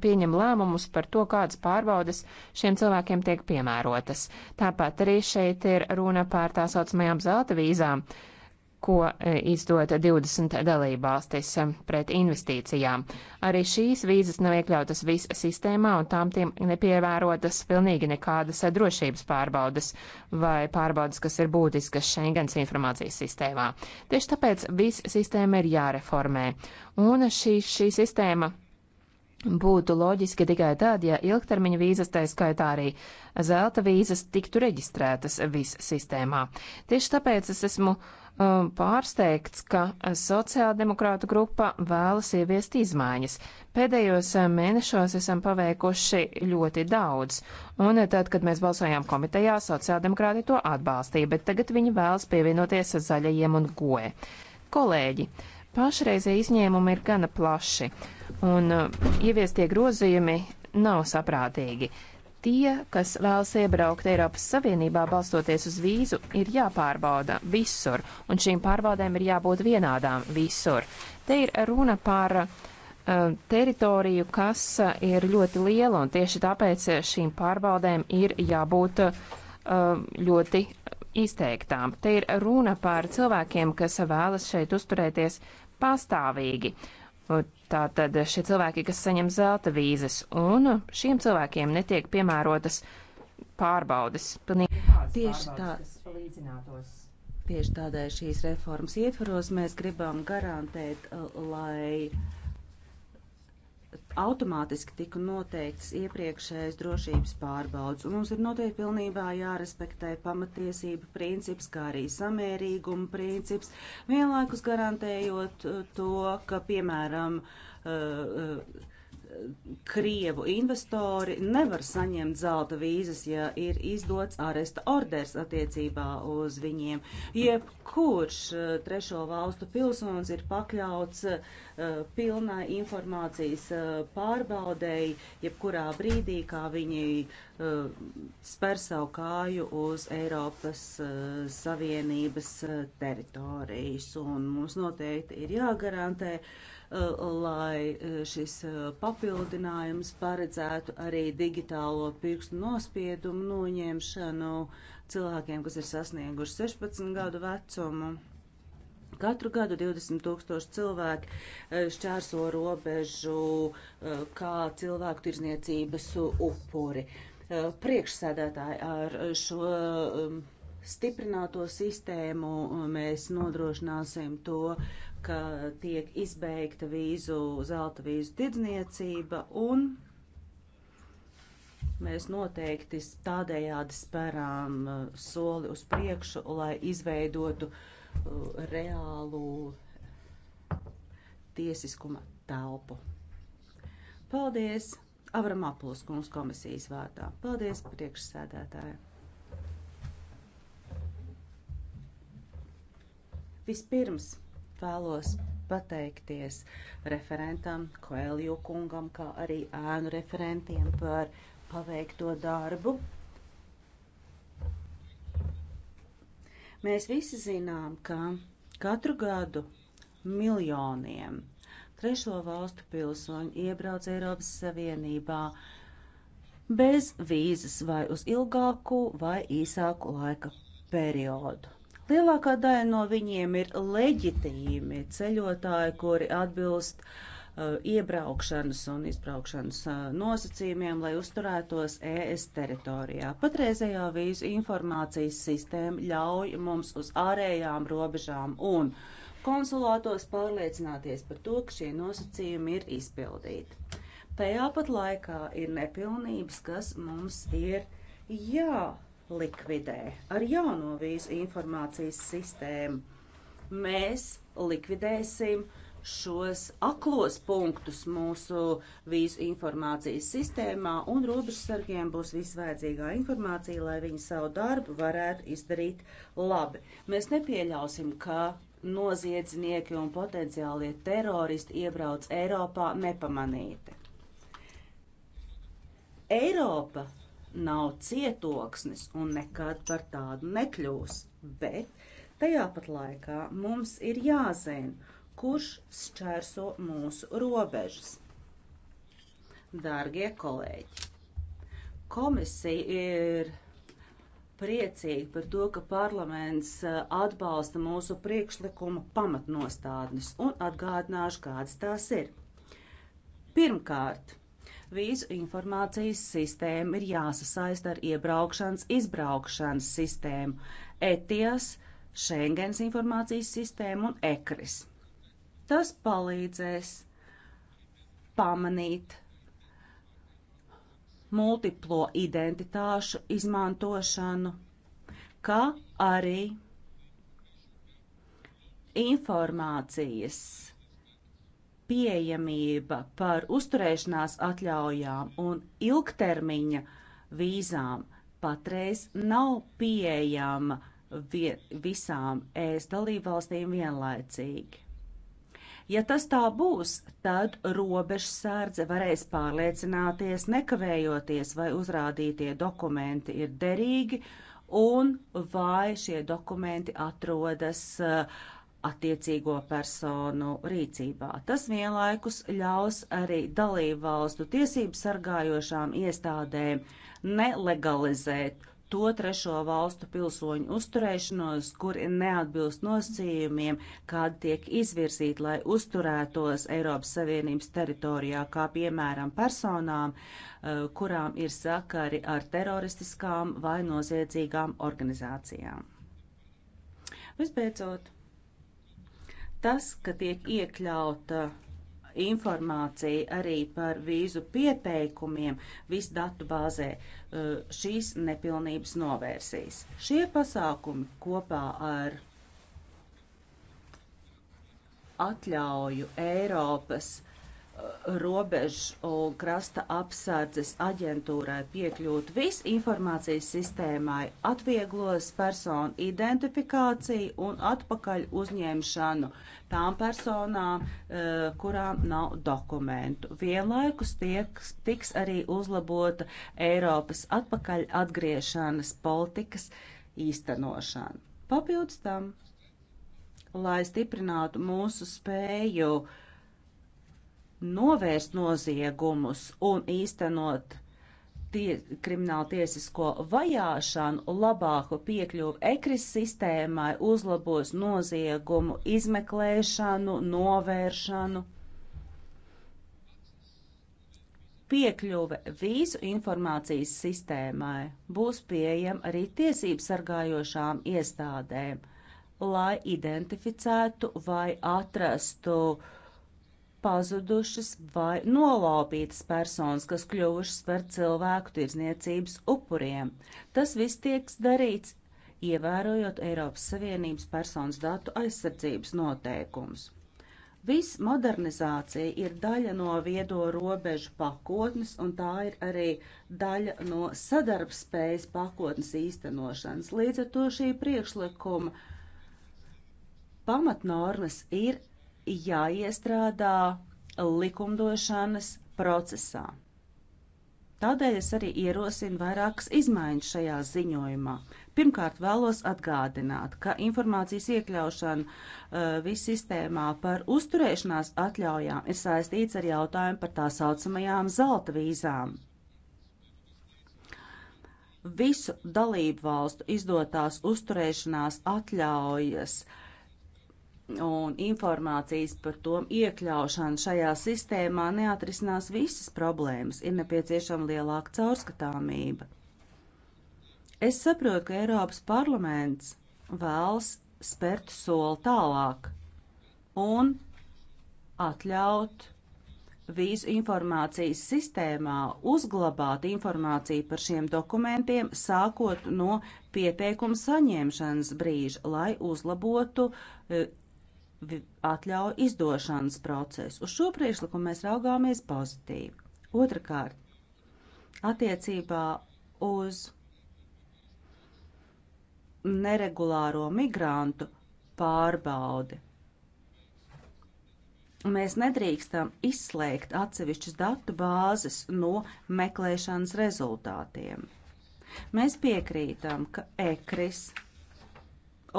pieņem lēmumus par to, kādas pārbaudas šiem cilvēkiem tiek piemērotas. Tāpat arī šeit ir runa par tā saucamajām zelta vīzām, ko e, izdod 20 dalībvalstis e, pret investīcijām. Arī šīs vīzas nav iekļautas vis sistēmā un tām tiem nepievērotas pilnīgi nekādas drošības pārbaudas vai pārbaudas, kas ir būtiskas Schengens informācijas sistēmā. Tieši tāpēc vis sistēma ir jāreformē. Un šī, šī sistēma Būtu loģiski tikai tad, ja ilgtermiņa vīzas, tā skaitā arī zelta vīzas, tiktu reģistrētas vis sistēmā. Tieši tāpēc es esmu uh, Um, pārsteigts, ka sociāldemokrātu grupa vēlas ieviest izmaiņas. Pēdējos uh, mēnešos esam paveikuši ļoti daudz, un uh, tad, kad mēs balsojām komitejā, sociāldemokrāti to atbalstīja, bet tagad viņi vēlas pievienoties zaļajiem un goe. Kolēģi, pašreizie izņēmumi ir gana plaši, un uh, ieviestie grozījumi nav saprātīgi. Tie, kas vēlas iebraukt Eiropas Savienībā balstoties uz vīzu, ir jāpārbauda visur, un šīm pārbaudēm ir jābūt vienādām visur. Te ir runa par uh, teritoriju, kas eh, ir ļoti liela, un tieši tāpēc šīm pārbaudēm ir jābūt uh, ļoti izteiktām. Te ir runa par cilvēkiem, kas vēlas šeit uzturēties pastāvīgi. Uh, Tā tad šie cilvēki, kas saņem zelta vīzes, un šiem cilvēkiem netiek piemērotas pārbaudes. Pilnīgi tieši tā. Tieši tādēļ šīs reformas ietvaros mēs gribam garantēt, lai automātiski tika noteikts iepriekšējais drošības pārbaudas, un mums ir noteikti pilnībā jārespektē pamatiesība princips, kā arī samērīguma princips, vienlaikus garantējot uh, to, ka, piemēram, uh, uh, Krievu investori nevar saņemt zelta vīzas, ja ir izdots aresta orders attiecībā uz viņiem. Jebkurš eh, trešo valstu pilsonis ir pakļauts uh, pilnai informācijas uh, pārbaudēji, jebkurā brīdī, kā viņi uh, spēr savu kāju uz Eiropas Savienības teritorijas. Un mums noteikti ir jāgarantē, uh, Eh, lai eh, šis eh, papildinājums paredzētu arī digitālo pirkstu nospiedumu noņemšanu cilvēkiem, kas ir sasnieguši 16 gadu vecumu. Katru gadu 20 tūkstoši cilvēki šķērso robežu kā cilvēku tirzniecības upuri. Priekšsēdētāji ar šo stiprināto sistēmu mēs nodrošināsim to, ka tiek izbeigta vīzu, zelta vīzu tirdzniecība un mēs noteikti tādējādi spērām uh, soli uz priekšu, lai izveidotu uh, reālu tiesiskuma telpu. Paldies Avram Apulis kungs komisijas vārdā. Paldies priekšsēdētāji. Vispirms Vēlos pateikties referentam Koelju kungam, kā arī ēnu referentiem par paveikto darbu. Mēs visi zinām, ka katru gadu miljoniem trešo valstu pilsoņu iebrauc Eiropas Savienībā bez vīzas vai uz ilgāku vai īsāku laika periodu. Lielākā daļa no viņiem ir leģitīmi ceļotāji, kuri atbilst uh, iebraukšanas un izbraukšanas uh, nosacījumiem, lai uzturētos ES teritorijā. Patreizējā vīzu informācijas sistēma ļauj mums uz ārējām robežām un konsulātos pārliecināties par to, ka šie nosacījumi ir izpildīti. Tajā pat laikā ir nepilnības, kas mums ir jā likvidē. Ar jauno vīzu informācijas sistēmu mēs likvidēsim šos aklos punktus mūsu vīzu informācijas sistēmā un robežsargiem būs visvajadzīgā informācija, lai viņi savu darbu varētu izdarīt labi. Mēs nepieļausim, ka noziedznieki un potenciālie teroristi iebrauc Eiropā nepamanīti. Eiropa nav cietoksnis un nekad par tādu nekļūs. Bet tajā pat laikā mums ir jāzina, kurš šķērso mūsu robežas. Dārgie kolēģi, komisija ir priecīgi par to, ka parlaments uh, atbalsta mūsu priekšlikuma pamatnostādnes un atgādināšu, kādas tās ir. Pirmkārt, Vīzu informācijas sistēma ir jāsasaista ar iebraukšanas, izbraukšanas sistēmu, ETIAS, Schengens informācijas sistēmu un ECRIS. Tas palīdzēs pamanīt multiplo identitāšu izmantošanu, kā arī informācijas pieejamība, par uzturēšanās atļaujām un ilgtermiņa vīzām patreiz nav pieejama vie, visām ES dalībvalstīm vienlaicīgi. Ja tas tā būs, tad robežsardze varēs pārliecināties nekavējoties, vai uzrādītie dokumenti ir derīgi un vai šie dokumenti atrodas uh, attiecīgo personu rīcībā. Tas vienlaikus ļaus arī dalību valstu tiesību sargājošām iestādēm nelegalizēt to trešo valstu pilsoņu uzturēšanos, kuri neatbilst nosacījumiem, kādi tiek izvirzīti, lai uzturētos Eiropas Savienības teritorijā, kā piemēram personām, eh, kurām ir sakari ar teroristiskām vai noziedzīgām organizācijām. Visbeidzot, Tas, ka tiek iekļauta informācija arī par vīzu pieteikumiem visu datu bāzē, uh, šīs nepilnības novērsīs. Šie pasākumi kopā ar atļauju Eiropas robežu krasta apsardzes aģentūrai piekļūt viss informācijas sistēmai atvieglos personu identifikāciju un atpakaļ uzņemšanu tām personām, eh, kurām nav dokumentu. Vienlaikus tiek, tiks arī uzlabota Eiropas atpakaļ atgriešanas politikas īstenošana. Papildus tam, lai stiprinātu mūsu spēju uh, novērst noziegumus un īstenot tie, kriminālu tiesisko vajāšanu, labāku piekļuvu ekris sistēmai, uzlabos noziegumu izmeklēšanu, novēršanu. Piekļuve vīzu informācijas sistēmai būs pieejama arī tiesību sargājošām iestādēm, lai identificētu vai atrastu uh, pazudušas vai nolaupītas personas, kas kļuvušas par cilvēku tirdzniecības upuriem. Tas viss tiek darīts, ievērojot Eiropas Savienības personas datu aizsardzības noteikumus. Viss modernizācija ir daļa no viedo robežu pakotnes, un tā ir arī daļa no sadarbspējas pakotnes īstenošanas. Līdz ar to šī priekšlikuma pamatnormas ir jāiestrādā likumdošanas procesā. Tādēļ es arī ierosinu vairākas izmaiņas šajā ziņojumā. Pirmkārt, vēlos atgādināt, ka informācijas iekļaušana uh, vissistēmā par uzturēšanās atļaujām ir saistīts ar jautājumu par tā saucamajām zelta vīzām. Visu dalību valstu izdotās uzturēšanās atļaujas uh, un informācijas par to iekļaušanu šajā sistēmā neatrisinās visas problēmas, ir nepieciešama lielāka caurskatāmība. Es saprotu, ka Eiropas parlaments vēlas spērt soli tālāk un atļaut vīzu informācijas sistēmā uzglabāt informāciju par šiem dokumentiem, sākot no pieteikuma saņemšanas brīža, lai uzlabotu eh, atļauju izdošanas procesu. Uz šo priekšlikumu mēs raugāmies pozitīvi. Otrakārt, attiecībā uz neregulāro migrantu pārbaudi. Mēs nedrīkstam izslēgt atsevišķas datu bāzes no meklēšanas rezultātiem. Mēs piekrītam, ka ekris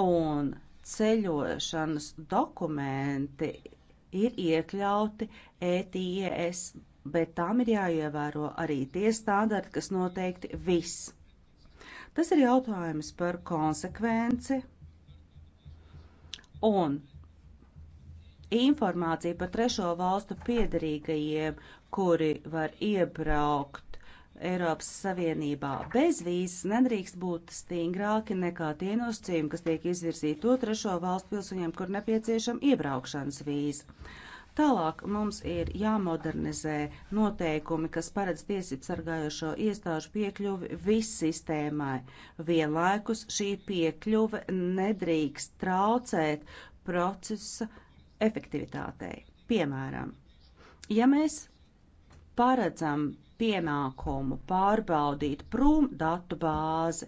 un ceļošanas dokumenti ir iekļauti ETIES, bet tām ir jāievēro arī tie standarti, kas noteikti viss. Tas ir jautājums par konsekvenci un informāciju par trešo valstu piedarīgajiem, kuri var iebraukt Eiropas Savienībā. Bez vīzes nedrīkst būt stingrāki nekā tie nosacījumi, kas tiek izvirzīti to trešo valstu pilsoņiem, kur nepieciešama iebraukšanas vīza. Tālāk mums ir jāmodernizē noteikumi, kas paredz tiesību sargājošo iestāžu piekļuvi vissistēmai. Vienlaikus šī piekļuve nedrīkst traucēt procesa efektivitātei. Piemēram, ja mēs paredzam pienākumu pārbaudīt prūm datu bāzi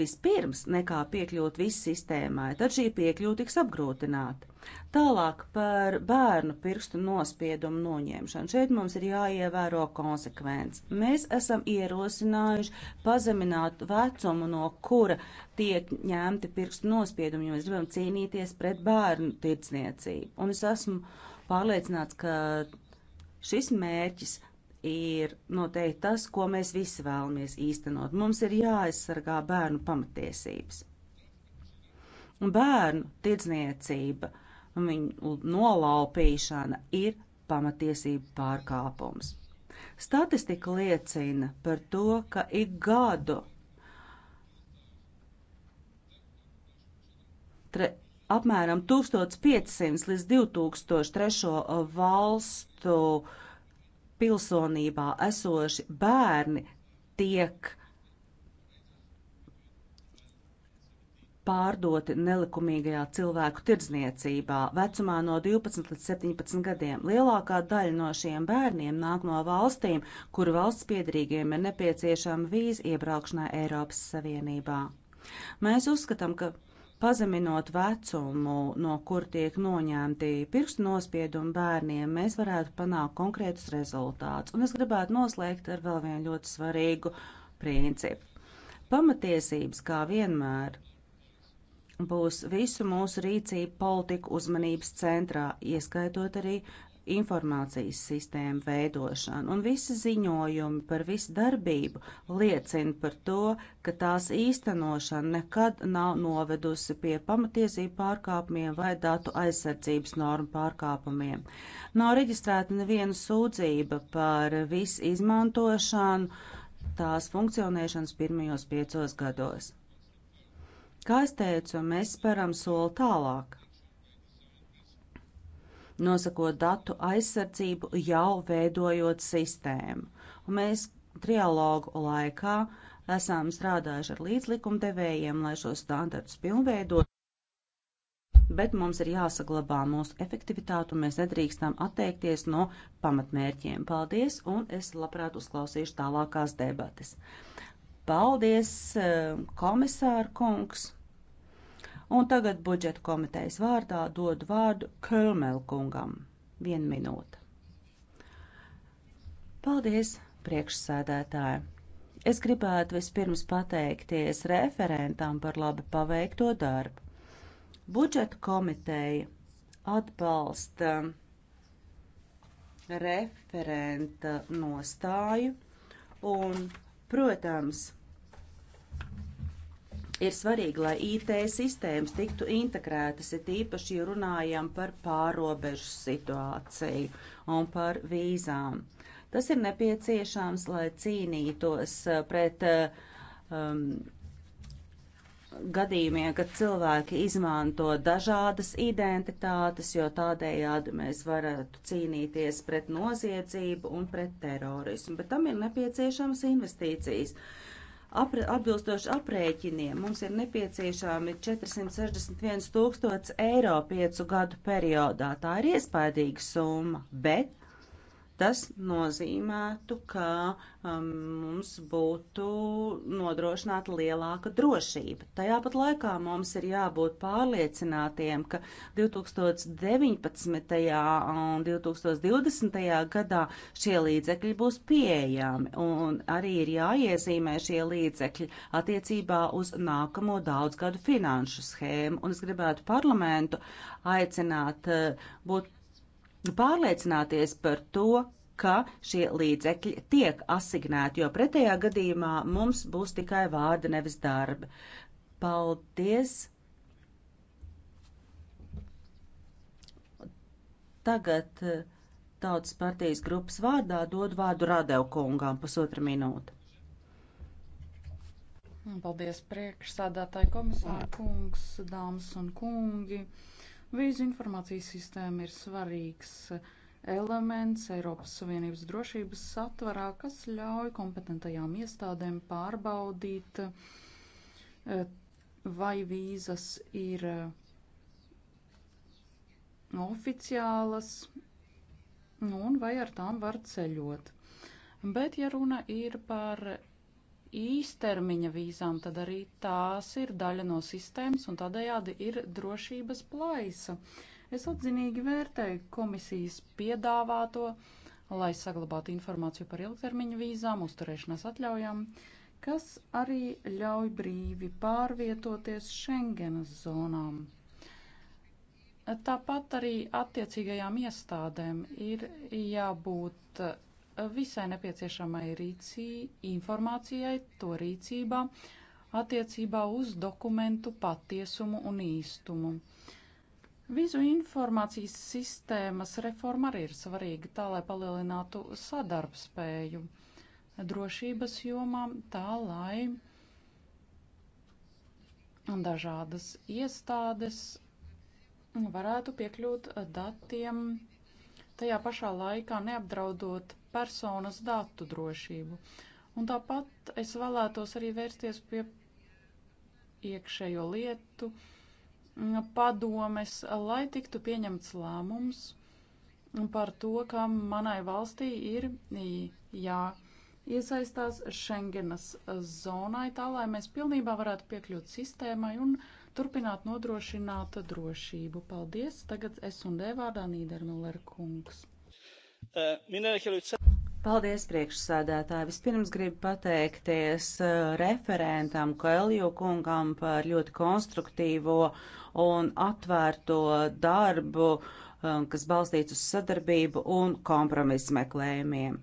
vispirms nekā piekļūt viss sistēmai, tad šī piekļūt tiks apgrūtināta. Tālāk par bērnu pirkstu nospiedumu noņemšanu. Šeit mums ir jāievēro konsekvence. Mēs esam ierosinājuši pazemināt vecumu, no kura tiek ņemti pirkstu nospiedumi, jo mēs gribam cīnīties pret bērnu tirdzniecību. Un es esmu pārliecināts, ka šis mērķis ir noteikti tas, ko mēs visi vēlamies īstenot. Mums ir jāaizsargā bērnu pamatiesības. Bērnu tirdzniecība, viņu nolaupīšana ir pamatiesība pārkāpums. Statistika liecina par to, ka ik gadu tre, apmēram 1500 līdz 2003 valstu uh, pilsonībā esoši bērni tiek pārdoti nelikumīgajā cilvēku tirdzniecībā vecumā no 12 līdz 17 gadiem. Lielākā daļa no šiem bērniem nāk no valstīm, kur valsts piedarīgiem ir nepieciešama vīza iebraukšanai Eiropas Savienībā. Mēs uzskatām, ka pazeminot vecumu, no kur tiek noņemti pirkstu nospiedumi bērniem, mēs varētu panākt konkrētus rezultātus. Un es gribētu noslēgt ar vēl vienu ļoti svarīgu principu. Pamatiesības, kā vienmēr, būs visu mūsu rīcību politiku uzmanības centrā, ieskaitot arī informācijas sistēmu veidošanu, un visi ziņojumi par visu darbību liecina par to, ka tās īstenošana nekad nav novedusi pie pamatiesību pārkāpumiem vai datu aizsardzības normu pārkāpumiem. Nav reģistrēta neviena sūdzība par visu izmantošanu tās funkcionēšanas pirmajos piecos gados. Kā es teicu, mēs speram soli tālāk nosakot datu aizsardzību, jau veidojot sistēmu. Un mēs trialogu laikā esam strādājuši ar līdzlikumdevējiem, lai šos standartus pilnveidot, bet mums ir jāsaglabā mūsu efektivitāte, un mēs nedrīkstam atteikties no pamatmērķiem. Paldies, un es labprāt uzklausīšu tālākās debates. Paldies, eh, komisāra kungs! Un tagad budžeta komitejas vārdā dod vārdu Kölmelkungam. Vienu minūte. Paldies, priekšsēdētāji! Es gribētu vispirms pateikties referentam par labi paveikto darbu. Budžeta komiteja atbalsta referenta nostāju un, protams, Ir svarīgi, lai IT sistēmas tiktu integrētas, ir īpaši, ja runājam par pārobežu situāciju un par vīzām. Tas ir nepieciešams, lai cīnītos eh, pret eh, um, gadījumiem, kad cilvēki izmanto dažādas identitātes, jo tādējādi mēs varētu cīnīties pret noziedzību un pret terorismu. Bet tam ir nepieciešams investīcijas. Uh, apre, atbilstoši aprēķiniem mums ir nepieciešami 461 tūkstots eiro piecu gadu periodā. Tā ir iespaidīga summa, bet Tas nozīmētu, ka um, mums būtu nodrošināta lielāka drošība. Tajā pat laikā mums ir jābūt pārliecinātiem, ka 2019. un 2020. gadā šie līdzekļi būs pieejami un arī ir jāiezīmē šie līdzekļi attiecībā uz nākamo daudzgadu finanšu schēmu. Un es gribētu parlamentu aicināt uh, būt pārliecināties par to, ka šie līdzekļi tiek asignēti, jo pretējā gadījumā mums būs tikai vārdi, nevis darbi. Paldies! Tagad eh, Tautas partijas grupas vārdā dod vārdu Radev kungām pusotra minūte. Paldies priekšsādātāji komisāri kungs, dāmas un kungi. Uh, Vīzu informācijas sistēma ir svarīgs elements Eiropas Savienības drošības satvarā, kas ļauj kompetentajām iestādēm pārbaudīt, e, vai vīzas ir e, oficiālas un vai ar tām var ceļot. Bet, ja runa ir par īstermiņa vīzām, tad arī tās ir daļa no sistēmas un tādējādi ir drošības plaisa. Es atzinīgi vērtēju komisijas piedāvāto, lai saglabātu informāciju par ilgtermiņa vīzām, uzturēšanās atļaujām, kas arī ļauj brīvi pārvietoties Schengenas zonām. Tāpat arī attiecīgajām iestādēm ir jābūt visai nepieciešamai rīcī, informācijai, to rīcībā attiecībā uz dokumentu patiesumu un īstumu. Vizu informācijas sistēmas reforma arī ir svarīga tā, lai palielinātu sadarbspēju drošības jomā, tā lai dažādas iestādes varētu piekļūt datiem tajā pašā laikā neapdraudot personas datu drošību. Un tāpat es vēlētos arī vērsties pie iekšējo lietu mm, padomes, lai tiktu pieņemts lēmums par to, ka manai valstī ir jāiesaistās Schengenas zonai, tā lai mēs pilnībā varētu piekļūt sistēmai un uh, turpināt nodrošināt drošību. Paldies! Tagad es un D vārdā Nīdermuller kungs. Paldies, priekšsādātāji! Vispirms gribu pateikties uh, referentam Koelju kungam par ļoti konstruktīvo un atvērto darbu, um, kas balstīts uz sadarbību un kompromisu meklējumiem.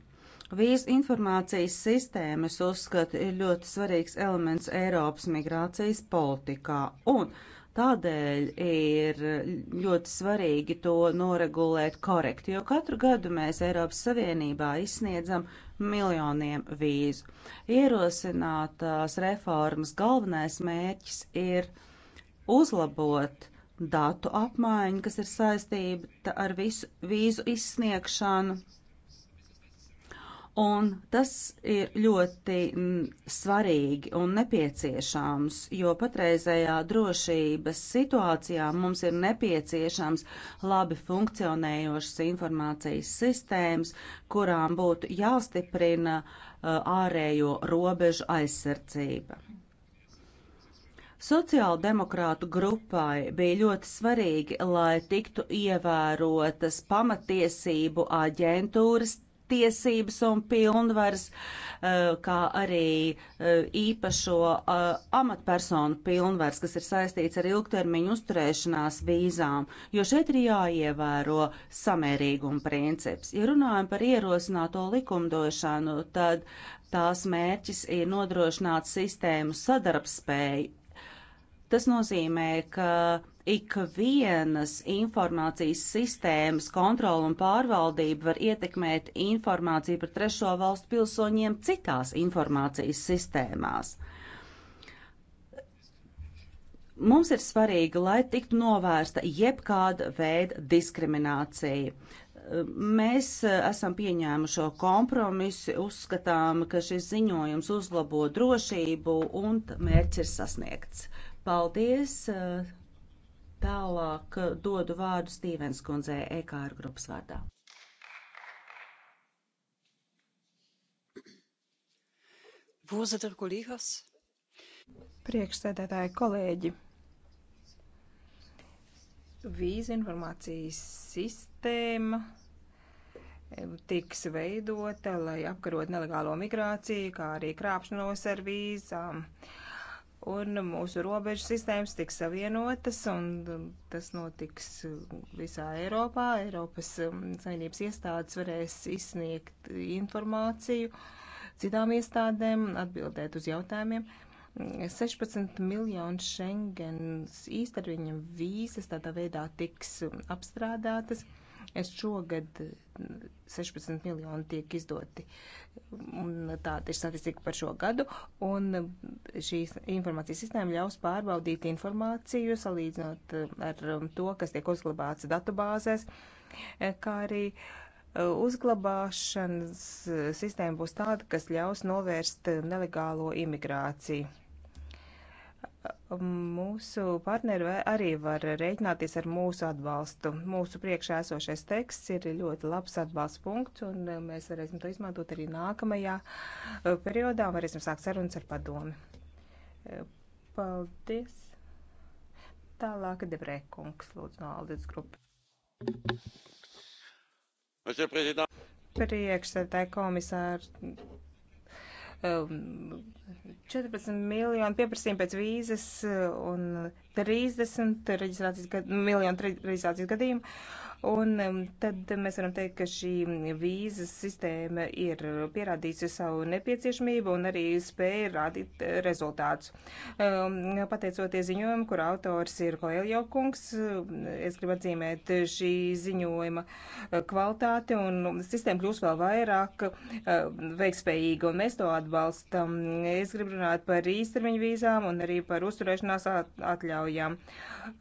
Vīzu informācijas sistēmas uzskata ir ļoti svarīgs elements Eiropas migrācijas politikā, un tādēļ ir ļoti svarīgi to noregulēt korekti, jo katru gadu mēs Eiropas Savienībā izsniedzam miljoniem vīzu. Ierosinātās reformas galvenais mērķis ir uzlabot datu apmaiņu, kas ir saistība ar visu vīzu izsniegšanu Un tas ir ļoti mm, svarīgi un nepieciešams, jo patreizējā drošības situācijā mums ir nepieciešams labi funkcionējošas informācijas sistēmas, kurām būtu jāstiprina uh, ārējo robežu aizsardzība. Sociāldemokrātu grupai bija ļoti svarīgi, lai tiktu ievērotas pamatiesību aģentūras tiesības un pilnvaras, eh, kā arī eh, īpašo eh, amatpersonu pilnvaras, kas ir saistīts ar ilgtermiņu uzturēšanās vīzām, jo šeit ir jāievēro samērīguma princips. Ja runājam par ierosināto likumdošanu, tad tās mērķis ir nodrošināt sistēmu sadarbspēju. Tas nozīmē, ka ikvienas informācijas sistēmas kontrola un pārvaldība var ietekmēt informāciju par trešo valstu pilsoņiem citās informācijas sistēmās. Mums ir svarīgi, lai tiktu novērsta jebkāda veida diskriminācija. Mēs eh, esam pieņēmuši šo kompromisu, uzskatām, ka šis ziņojums uzlabo drošību un mērķis ir sasniegts. Paldies! Eh, Tālāk eh, dodu vārdu Stīvens kundzē EKR grupas vārdā. Voorzitter, collega's. Priekšsēdētāji, kolēģi. Vīza informācijas sistēma tiks veidota, lai apkarot nelegālo migrāciju, kā arī krāpšanos ar vīzām. Uh, un mūsu robežu sistēmas tiks savienotas, un tas notiks visā Eiropā. Eiropas um, saimnības iestādes varēs izsniegt informāciju citām iestādēm, atbildēt uz jautājumiem. 16 miljonu Schengens īstermiņa vīzas tādā veidā tiks apstrādātas. Es šogad 16 mm, miljoni tiek izdoti. Tāda ir statistika par šo gadu, un mm, šī informācijas sistēma ļaus pārbaudīt informāciju, salīdzinot mm, ar to, kas tiek uzglabāts datubāzēs, eh, kā arī eh, uzglabāšanas eh, sistēma būs tāda, kas ļaus novērst nelegālo imigrāciju mūsu partneri arī var rēķināties ar mūsu atbalstu. Mūsu priekšā esošais teksts ir ļoti labs atbalsts punkts, un eh, mēs varēsim to izmantot arī nākamajā eh, periodā un varēsim sākt sarunas ar padomi. Eh, paldies! Tālāk Debrē kungs, lūdzu, no Aldis grupas. Priekšsēdētāji komisāri 14 um, miljonu pieprasījumu pēc vīzes uh, un 30 reģistrācijas, miljonu reģistrācijas gadījumu. Un tad mēs varam teikt, ka šī vīzas sistēma ir pierādījusi savu nepieciešamību un arī spēja rādīt rezultātus. Pateicoties ziņojumu, kur autors ir Koeljo kungs, es gribu atzīmēt šī ziņojuma kvalitāti un sistēma kļūs vēl vairāk veikspējīga un mēs to atbalstam. Es gribu runāt par īstermiņu vīzām un arī par uzturēšanās atļaujām.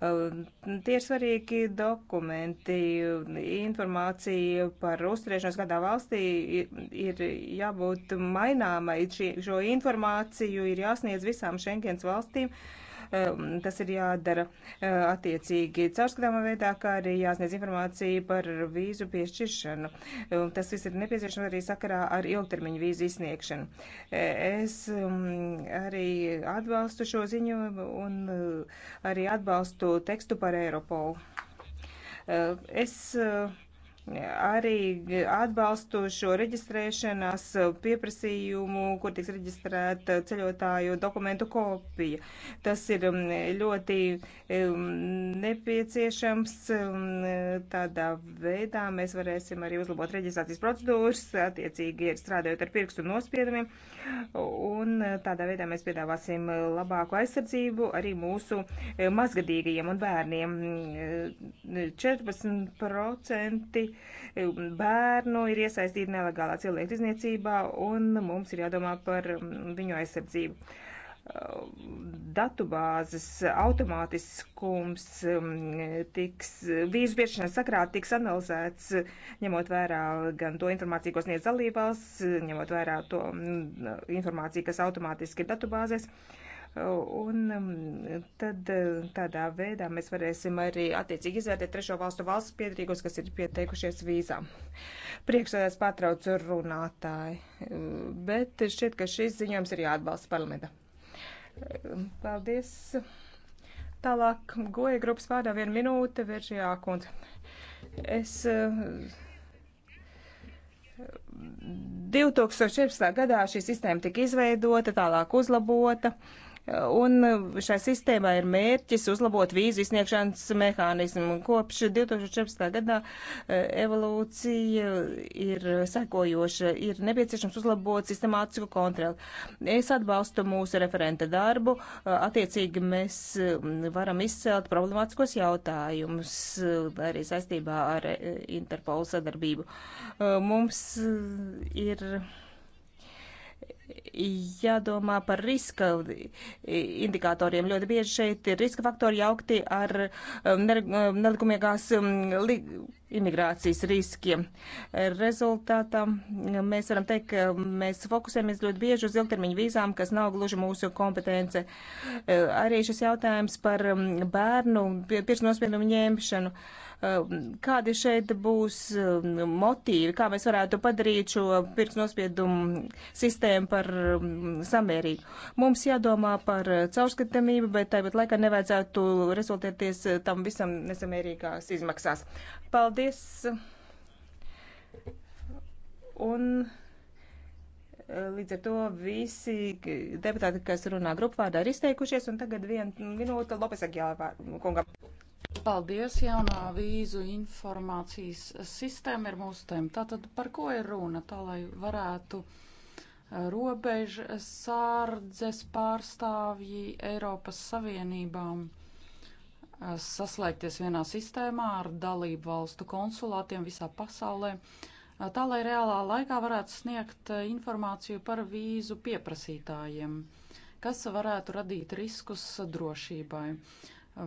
Tie ir svarīgi dokumenti informācija par uzturēšanos kādā valstī ir jābūt maināmai. Šo informāciju ir jāsniedz visām Schengens valstīm. Um, tas ir jādara uh, attiecīgi caurskatāmā veidā, kā arī jāsniedz informācija par vīzu piešķiršanu. Um, tas viss ir nepieciešams arī sakarā ar ilgtermiņu vīzu izsniegšanu. Es um, arī atbalstu šo ziņojumu un uh, arī atbalstu tekstu par Eiropolu. Es arī atbalstu šo reģistrēšanas pieprasījumu, kur tiks reģistrēta ceļotāju dokumentu kopija. Tas ir um, ļoti um, nepieciešams. Um, tādā veidā mēs varēsim arī uzlabot reģistrācijas procedūras, attiecīgi strādājot ar pirkstu nospiedumiem. Un tādā veidā mēs piedāvāsim labāku aizsardzību arī mūsu eh, mazgadīgajiem un bērniem. 14% eh, bērnu ir iesaistīti nelegālā cilvēku izniecībā, un mums ir jādomā par um, viņu aizsardzību. Uh, Datubāzes automātiskums um, tiks, vīzu biešanas sakrā tiks analizēts, ņemot vērā gan to informāciju, ko sniedz dalībvalsts, ņemot vērā to mm, informāciju, kas automātiski ir datubāzēs. Uh, Un um, tad eh, tādā veidā mēs varēsim arī attiecīgi izvērtēt trešo valstu valsts piedrīgos, kas ir pieteikušies vīzām. Priekšsēdēs pārtrauc runātāji, bet šķiet, ka šis ziņojums ir jāatbalsta parlamenta. Paldies. Tālāk, goja grupas vārdā viena minūte, Viržijā kundze. Es 2014. Eh, gadā šī sistēma tika izveidota, tālāk uzlabota. Uh, Un šai sistēmai ir mērķis uzlabot vīzu izsniegšanas mehānismu. Kopš 2014. gadā e, evolūcija ir sekojoša, ir nepieciešams uzlabot sistemātisku kontroli. Es atbalstu mūsu referenta darbu, e, attiecīgi mēs e, varam izcelt problemātiskos jautājumus arī saistībā ar Interpolu sadarbību. Mums ir jādomā par riska indikatoriem. Ļoti bieži šeit ir riska faktori jaukti ar um, um, nelikumīgās um, imigrācijas riskiem. Rezultātā mm, mēs varam teikt, ka mēs fokusējamies ļoti bieži uz ilgtermiņu vīzām, kas nav gluži mūsu kompetence. E, arī šis jautājums par mm, bērnu pirksnospiedumu ņemšanu. E, kādi šeit būs mm, motīvi, kā mēs varētu padarīt šo pirksnospiedumu sistēmu par samērīgu? Mums jādomā par caurskatāmību, bet tāpat laikā nevajadzētu rezultēties tam visam nesamērīgās izmaksās. Paldies! Paldies! Un eh, līdz ar to visi deputāti, kas runā grupvārdā, ir izteikušies, un tagad viena minūte Lopes Agjāvā kungam. Paldies, jaunā vīzu informācijas sistēma ir mūsu tēma. Tātad par ko ir runa? Tā lai varētu eh, robežsārdzes pārstāvji Eiropas Savienībām saslēgties vienā sistēmā ar dalību valstu konsulātiem visā pasaulē, tā lai reālā laikā varētu sniegt informāciju par vīzu pieprasītājiem, kas varētu radīt riskus drošībai,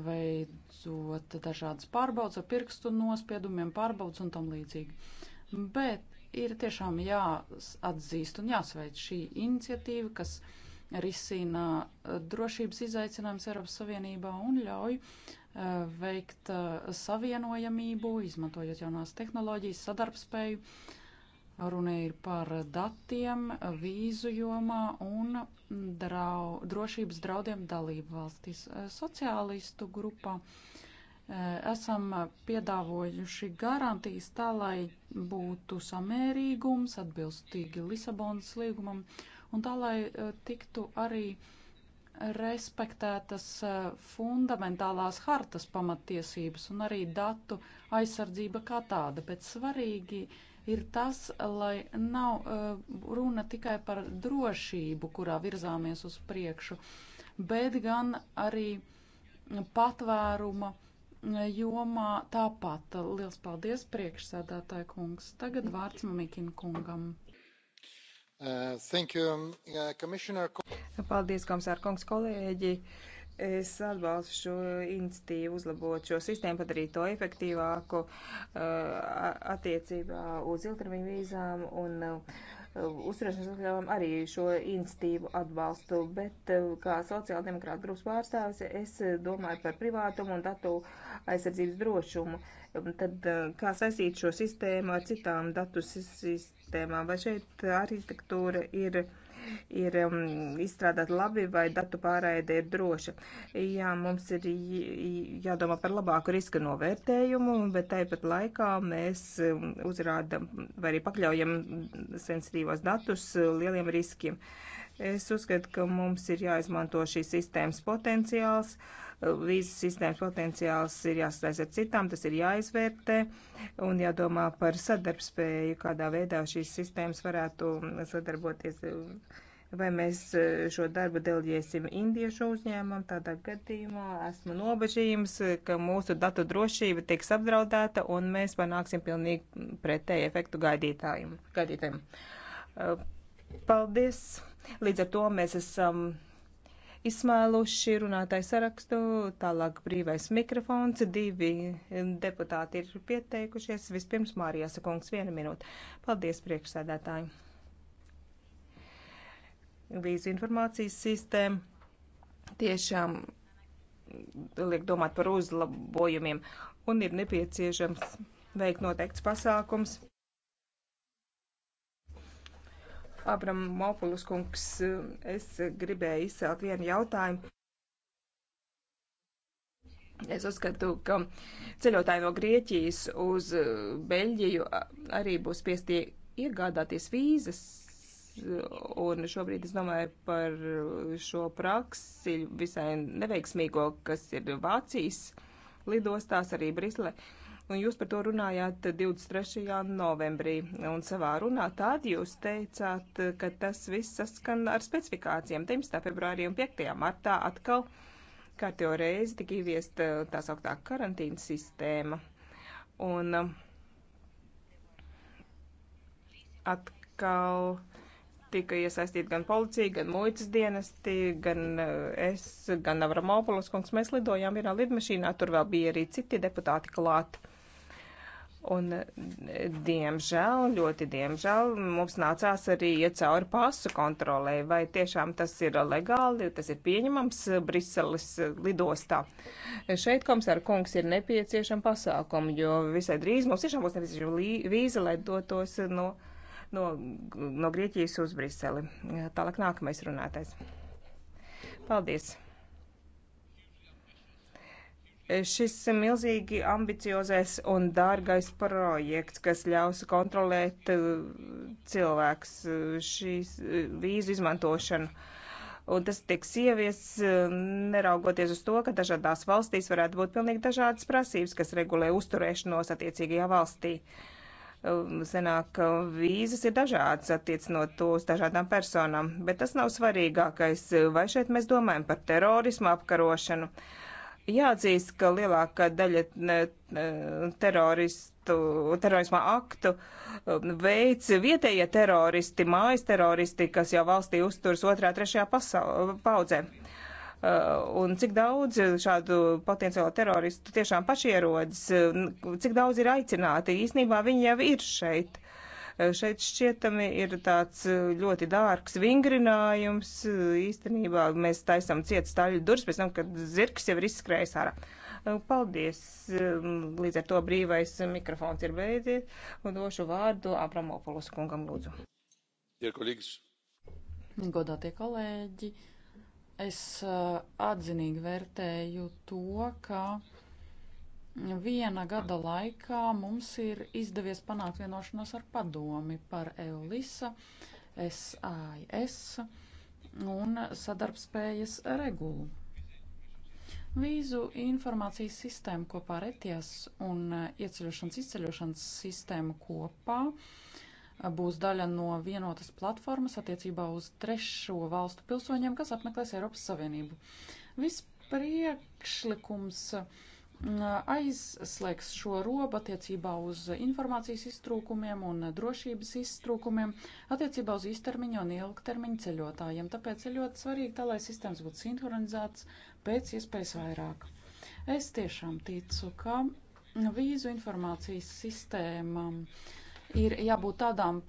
veidot dažādas pārbaudas ar pirkstu nospiedumiem, pārbaudas un tam līdzīgi. Bet ir tiešām jāatzīst un jāsveic šī iniciatīva, kas risina drošības izaicinājums Eiropas Savienībā un ļauj uh, Eh, veikt eh, savienojamību, izmantojot jaunās tehnoloģijas, sadarbspēju. Runa ir par datiem, vīzu jomā un drau, drošības draudiem dalību valstīs. Eh, sociālistu grupā esam piedāvojuši garantijas tā, lai būtu samērīgums, atbilstīgi Lisabonas līgumam un tā, lai tiktu arī uh, respektētas eh, fundamentālās hartas pamatiesības un arī datu aizsardzība kā tāda, bet svarīgi ir tas, lai nav eh, runa tikai par drošību, kurā virzāmies uz priekšu, bet gan arī patvēruma eh, jomā tāpat. Liels paldies priekšsēdētāji kungs. Tagad vārds Mamikina kungam. Uh, um, uh, Paldies, komisār kungs, kolēģi. Es atbalstu šo iniciatīvu, uzlabot šo sistēmu, padarīt to efektīvāku uh, attiecībā uz ilgtermiņu vīzām un uzturēšanas atļaujām arī šo iniciatīvu atbalstu, bet kā sociāldemokrāta grupas pārstāvis es domāju par privātumu un datu aizsardzības drošumu. Tad kā saistīt šo sistēmu ar citām datu sistēmām? sistēmām. Vai šeit arhitektūra ir, ir um, izstrādāta labi vai datu pārraide ir droša? Jā, mums ir jādomā par labāku riska novērtējumu, bet tāpat laikā mēs um, uzrādam vai arī pakļaujam sensitīvos datus uh, lieliem riskiem. Uh, Es uzskatu, ka mums ir jāizmanto šīs sistēmas potenciāls. Vīzas sistēmas potenciāls ir jāsasaist ar citām, tas ir jāizvērtē un jādomā par sadarbspēju, kādā veidā šīs sistēmas varētu sadarboties. Vai mēs eh, šo darbu delģēsim indiešu uzņēmumam, tādā gadījumā esmu nobežījums, ka mūsu datu drošība tiks apdraudēta un mēs panāksim pilnīgi pretēju efektu gaidītājiem. gaidītājiem. Eh, paldies! Līdz ar to mēs esam izsmēluši runātāju sarakstu, tālāk brīvais mikrofons, divi deputāti ir pieteikušies, vispirms Mārijas kungs viena minūte. Paldies priekšsēdētāji. Vīzu informācijas sistēma tiešām liek domāt par uzlabojumiem un ir nepieciešams veikt noteikts pasākums Abram Mopulus kungs, es gribēju izcelt vienu jautājumu. Es uzskatu, ka ceļotāji no Grieķijas uz Beļģiju arī būs spiesti iegādāties vīzas. Un šobrīd es domāju par šo praksi visai neveiksmīgo, kas ir Vācijas lidostās, arī Brislē. Uh, un jūs par to runājāt 23. novembrī. Un savā runā tad jūs teicāt, ka tas viss saskan ar specifikācijām 19. februārī un 5. martā atkal kārtējo reizi tika ieviesta eh, tā sauktā karantīnas sistēma. Un eh, atkal tika iesaistīti gan policija, gan muitas dienesti, gan eh, es, gan Avramopulas kungs. Mēs lidojām vienā lidmašīnā, tur vēl bija arī citi deputāti klāt. Un, diemžēl, ļoti diemžēl, mums nācās arī iet cauri pasu kontrolē, vai tiešām tas ir legāli, tas ir pieņemams Briseles lidostā. Šeit, komisāra kungs, ir nepieciešama pasākuma, jo visai drīz mums tiešām būs nepieciešama vīza, lai dotos no, no, no Grieķijas uz Briseli. Tālāk nākamais runātais. Paldies! šis milzīgi ambiciozais un dārgais projekts, kas ļaus kontrolēt uh, cilvēks uh, šīs uh, vīzu izmantošanu. Un tas tiks ieviests neraugoties uz to, ka dažādās valstīs varētu būt pilnīgi dažādas prasības, kas regulē uzturēšanos attiecīgajā valstī. Senāk um, vīzas ir dažādas attiecinot to uz dažādām personām, bet tas nav svarīgākais. Vai šeit mēs domājam par terorismu apkarošanu? Uh, Jāatzīst, ka lielākā daļa teroristu, terorisma aktu um, veids vietējie teroristi, mājas teroristi, kas jau valstī uzturas otrā, trešajā paudzē. Uh, un cik daudz šādu potenciālu teroristu tiešām paši ierodas, cik daudz ir aicināti, īsnībā viņi jau ir šeit Šeit šķietami ir tāds uh, ļoti dārgs vingrinājums. Uh, īstenībā mēs taisam ciet staļu durvis pēc tam, kad zirgs jau ir izskrējis ārā. Uh, paldies! Um, līdz ar to brīvais mikrofons ir beidzies un došu vārdu Abramopulus kungam lūdzu. Ja kolīgs. Godātie kolēģi, es atzinīgi vērtēju to, ka Viena gada laikā mums ir izdevies panākt vienošanos ar padomi par EULISA, SAIS un sadarbspējas regulu. Vīzu informācijas sistēma kopā ar ETIAS un ieceļošanas izceļošanas sistēmu kopā būs daļa no vienotas platformas attiecībā uz trešo valstu pilsoņiem, kas apmeklēs Eiropas Savienību. Viss priekšlikums uh, aizslēgs šo robu attiecībā uz informācijas iztrūkumiem un drošības iztrūkumiem attiecībā uz īstermiņa un ilgtermiņa ceļotājiem. Tāpēc ir ļoti svarīgi, tā, lai sistēmas būtu sinhronizētas pēc iespējas vairāk. Es tiešām ticu, ka vīzu informācijas sistēmām ir jābūt tādām